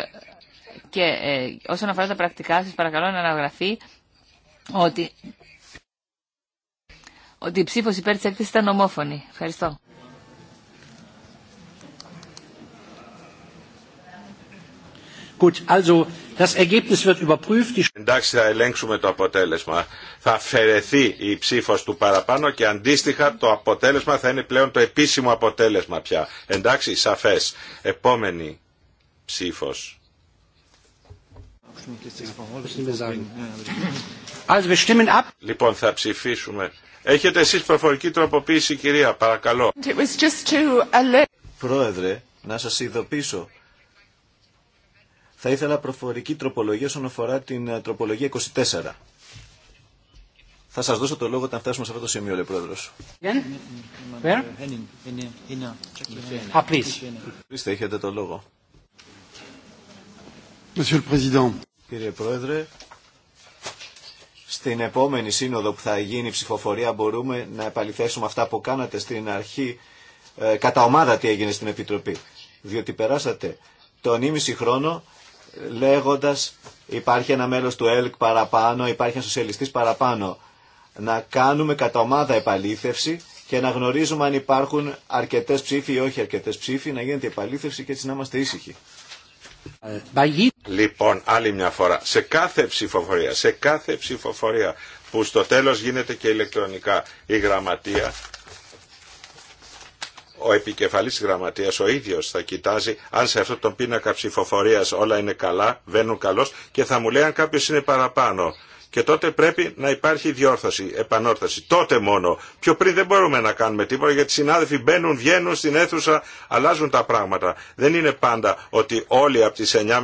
και ε, όσον αφορά τα πρακτικά, σας παρακαλώ να αναγραφεί ότι, ότι η ψήφος υπέρ της έκθεσης ήταν ομόφωνη. Ευχαριστώ. Εντάξει, θα ελέγξουμε το αποτέλεσμα. Θα αφαιρεθεί η ψήφο του παραπάνω και αντίστοιχα το αποτέλεσμα θα είναι πλέον το επίσημο αποτέλεσμα πια. Εντάξει, σαφέ. Επόμενη ψήφος. Λοιπόν, θα ψηφίσουμε. Έχετε εσείς προφορική τροποποίηση, κυρία, παρακαλώ. Πρόεδρε, να σας ειδοποιήσω. Θα ήθελα προφορική τροπολογία όσον αφορά την ε, τροπολογία 24. Θα σας δώσω το λόγο όταν φτάσουμε σε αυτό το σημείο, λέει πρόεδρος. Πρόεδρε, ah, έχετε το λόγο. Κύριε Πρόεδρε, στην επόμενη σύνοδο που θα γίνει η ψηφοφορία μπορούμε να επαληθέσουμε αυτά που κάνατε στην αρχή ε, κατά ομάδα τι έγινε στην Επιτροπή. Διότι περάσατε τον ίμιση χρόνο ε, λέγοντας υπάρχει ένα μέλος του ΕΛΚ παραπάνω, υπάρχει ένα σοσιαλιστής παραπάνω. Να κάνουμε κατά ομάδα επαλήθευση και να γνωρίζουμε αν υπάρχουν αρκετές ψήφοι ή όχι αρκετές ψήφοι, να γίνεται επαλήθευση και έτσι να είμαστε ήσυχοι. Λοιπόν, άλλη μια φορά, σε κάθε ψηφοφορία, σε κάθε ψηφοφορία που στο τέλος γίνεται και ηλεκτρονικά η γραμματεία, ο επικεφαλής γραμματείας ο ίδιος θα κοιτάζει αν σε αυτό τον πίνακα ψηφοφορίας όλα είναι καλά, βαίνουν καλώς και θα μου λέει αν κάποιος είναι παραπάνω και τότε πρέπει να υπάρχει διόρθωση, επανόρθωση. Τότε μόνο. Πιο πριν δεν μπορούμε να κάνουμε τίποτα γιατί οι συνάδελφοι μπαίνουν, βγαίνουν στην αίθουσα, αλλάζουν τα πράγματα. Δεν είναι πάντα ότι όλοι από τις 9.30 ε,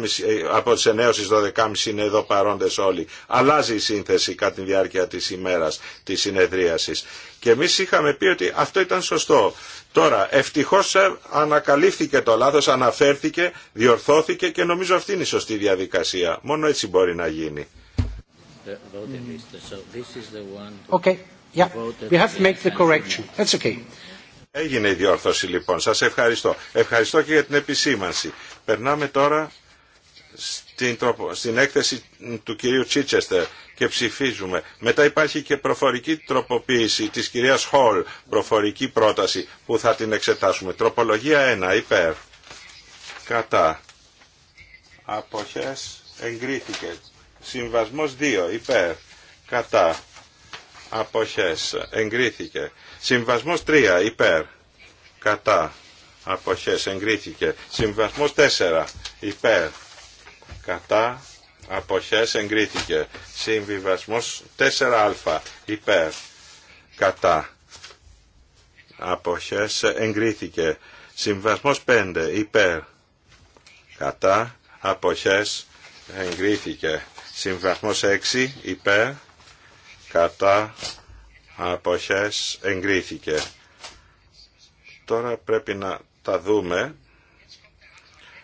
από τις 9 στις 12.30 είναι εδώ παρόντες όλοι. Αλλάζει η σύνθεση κατά τη διάρκεια της ημέρας της συνεδρίασης. Και εμείς είχαμε πει ότι αυτό ήταν σωστό. Τώρα, ευτυχώς ε, ανακαλύφθηκε το λάθος, αναφέρθηκε, διορθώθηκε και νομίζω αυτή είναι η σωστή διαδικασία. Μόνο έτσι μπορεί να γίνει. Έγινε η διόρθωση λοιπόν. Σας ευχαριστώ. Ευχαριστώ και για την επισήμανση. Περνάμε τώρα στην, στην έκθεση του κυρίου Τσίτσεστερ και ψηφίζουμε. Μετά υπάρχει και προφορική τροποποίηση της κυρίας Χολ, προφορική πρόταση που θα την εξετάσουμε. Τροπολογία 1, υπέρ. Κατά. Αποχές εγκρίθηκε. Συμβασμός 2 υπέρ κατά αποχές εγκρίθηκε. Συμβασμός 3 υπέρ κατά αποχές εγκρίθηκε. Συμβασμός 4 υπέρ κατά αποχές εγκρίθηκε. Συμβιβασμός 4α υπέρ κατά αποχές εγκρίθηκε. Συμβασμός 5 υπέρ κατά αποχές εγκρίθηκε. Συμβαθμός 6 υπέρ κατά αποχές εγκρίθηκε. Τώρα πρέπει να τα δούμε.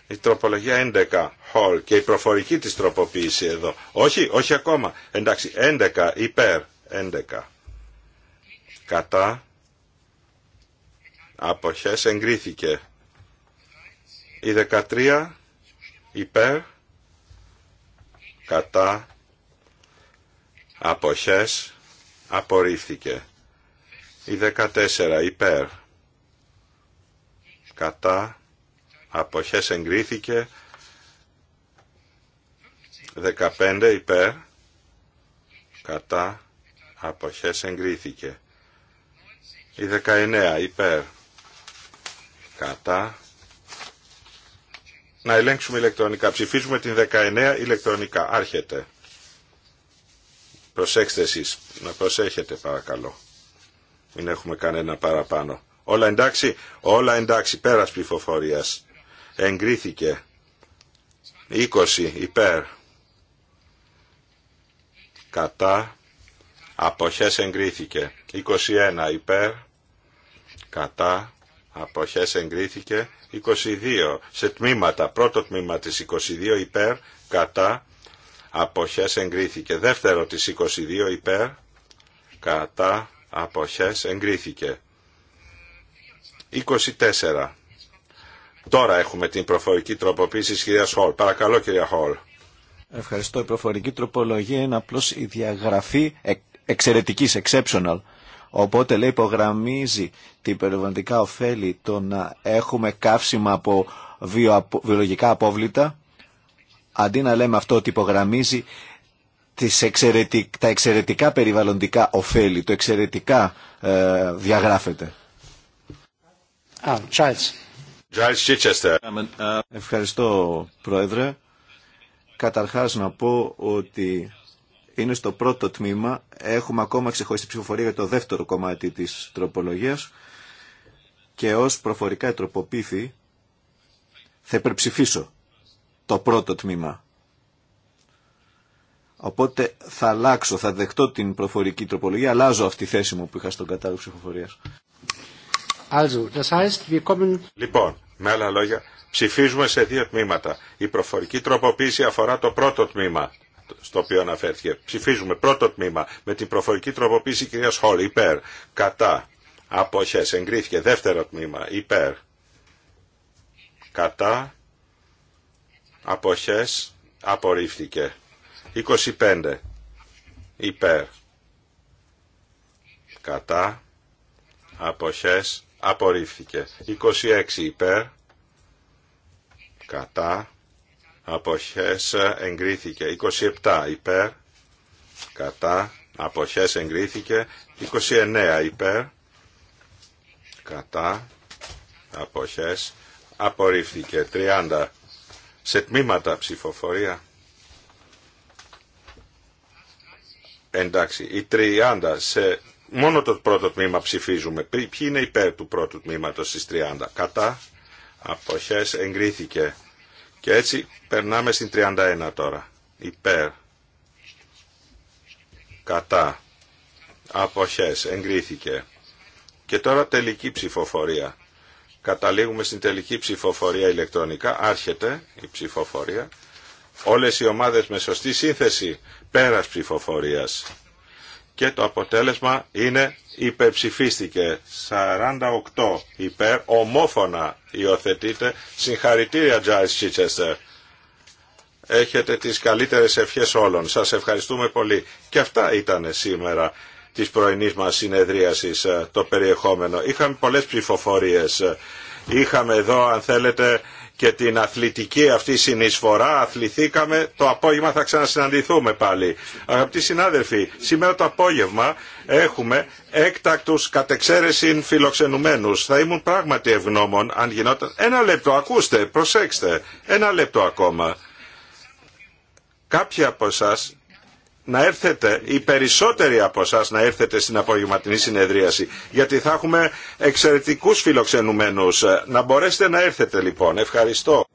Η τροπολογία 11, Hall, και η προφορική της τροποποίηση εδώ. Όχι, όχι ακόμα. Εντάξει, 11, υπέρ, 11. Κατά, αποχές, εγκρίθηκε. Η 13, υπέρ, κατά αποχές απορρίφθηκε. Η 14 υπέρ κατά αποχές εγκρίθηκε. 15 υπέρ κατά αποχές εγκρίθηκε. Η 19 υπέρ κατά να ελέγξουμε ηλεκτρονικά. Ψηφίζουμε την 19 ηλεκτρονικά. Άρχεται. Προσέξτε εσείς. Να προσέχετε παρακαλώ. Μην έχουμε κανένα παραπάνω. Όλα εντάξει. Όλα εντάξει. Πέρας ψηφοφορίας. Εγκρίθηκε. 20 υπέρ. Κατά. Αποχές εγκρίθηκε. 21 υπέρ. Κατά αποχές εγκρίθηκε 22 σε τμήματα πρώτο τμήμα της 22 υπέρ κατά αποχές εγκρίθηκε δεύτερο της 22 υπέρ κατά αποχές εγκρίθηκε 24 Τώρα έχουμε την προφορική τροποποίηση της κυρίας Χολ. Παρακαλώ κυρία Χολ. Ευχαριστώ. Η προφορική τροπολογία είναι απλώς η διαγραφή εξαιρετικής, exceptional Οπότε λέει υπογραμμίζει την περιβαλλοντικά ωφέλη το να έχουμε καύσιμα από βιολογικά απόβλητα αντί να λέμε αυτό ότι υπογραμμίζει τις εξαιρετικ... τα εξαιρετικά περιβαλλοντικά ωφέλη, το εξαιρετικά ε, διαγράφεται. Ευχαριστώ Πρόεδρε. Καταρχάς να πω ότι είναι στο πρώτο τμήμα. Έχουμε ακόμα ξεχωριστή ψηφοφορία για το δεύτερο κομμάτι τη τροπολογία και ω προφορικά τροποποίηθη θα υπερψηφίσω το πρώτο τμήμα. Οπότε θα αλλάξω, θα δεχτώ την προφορική τροπολογία, αλλάζω αυτή τη θέση μου που είχα στον κατάλογο ψηφοφορία. Λοιπόν, με άλλα λόγια, ψηφίζουμε σε δύο τμήματα. Η προφορική τροποποίηση αφορά το πρώτο τμήμα στο οποίο αναφέρθηκε. Ψηφίζουμε πρώτο τμήμα με την προφορική τροποποίηση κυρία Χόλ. Υπέρ. Κατά. Αποχές. Εγκρίθηκε. Δεύτερο τμήμα. Υπέρ. Κατά. Αποχές. Απορρίφθηκε. 25. Υπέρ. Κατά. Αποχές. Απορρίφθηκε. 26. Υπέρ. Κατά αποχές εγκρίθηκε. 27 υπέρ, κατά, αποχές εγκρίθηκε. 29 υπέρ, κατά, αποχές απορρίφθηκε. 30 σε τμήματα ψηφοφορία. Εντάξει, οι 30 σε... Μόνο το πρώτο τμήμα ψηφίζουμε. Ποιοι είναι υπέρ του πρώτου τμήματος στις 30. Κατά. Αποχές εγκρίθηκε. Και έτσι περνάμε στην 31 τώρα. Υπέρ. Κατά. Αποχές. Εγκρίθηκε. Και τώρα τελική ψηφοφορία. Καταλήγουμε στην τελική ψηφοφορία ηλεκτρονικά. Άρχεται η ψηφοφορία. Όλες οι ομάδες με σωστή σύνθεση πέρας ψηφοφορίας και το αποτέλεσμα είναι υπεψηφίστηκε 48 υπέρ, ομόφωνα υιοθετείται. Συγχαρητήρια Τζάις Chichester. Έχετε τις καλύτερες ευχές όλων. Σας ευχαριστούμε πολύ. Και αυτά ήταν σήμερα της πρωινής μας συνεδρίασης ε, το περιεχόμενο. Είχαμε πολλές ψηφοφορίες. Είχαμε εδώ αν θέλετε και την αθλητική αυτή συνεισφορά αθληθήκαμε. Το απόγευμα θα ξανασυναντηθούμε πάλι. Αγαπητοί συνάδελφοι, σήμερα το απόγευμα έχουμε έκτακτους κατεξαίρεση φιλοξενουμένους. Θα ήμουν πράγματι ευγνώμων αν γινόταν. Ένα λεπτό, ακούστε, προσέξτε. Ένα λεπτό ακόμα. Κάποιοι από εσάς να έρθετε, οι περισσότεροι από εσά να έρθετε στην απογευματινή συνεδρίαση, γιατί θα έχουμε εξαιρετικούς φιλοξενουμένους. Να μπορέσετε να έρθετε λοιπόν. Ευχαριστώ.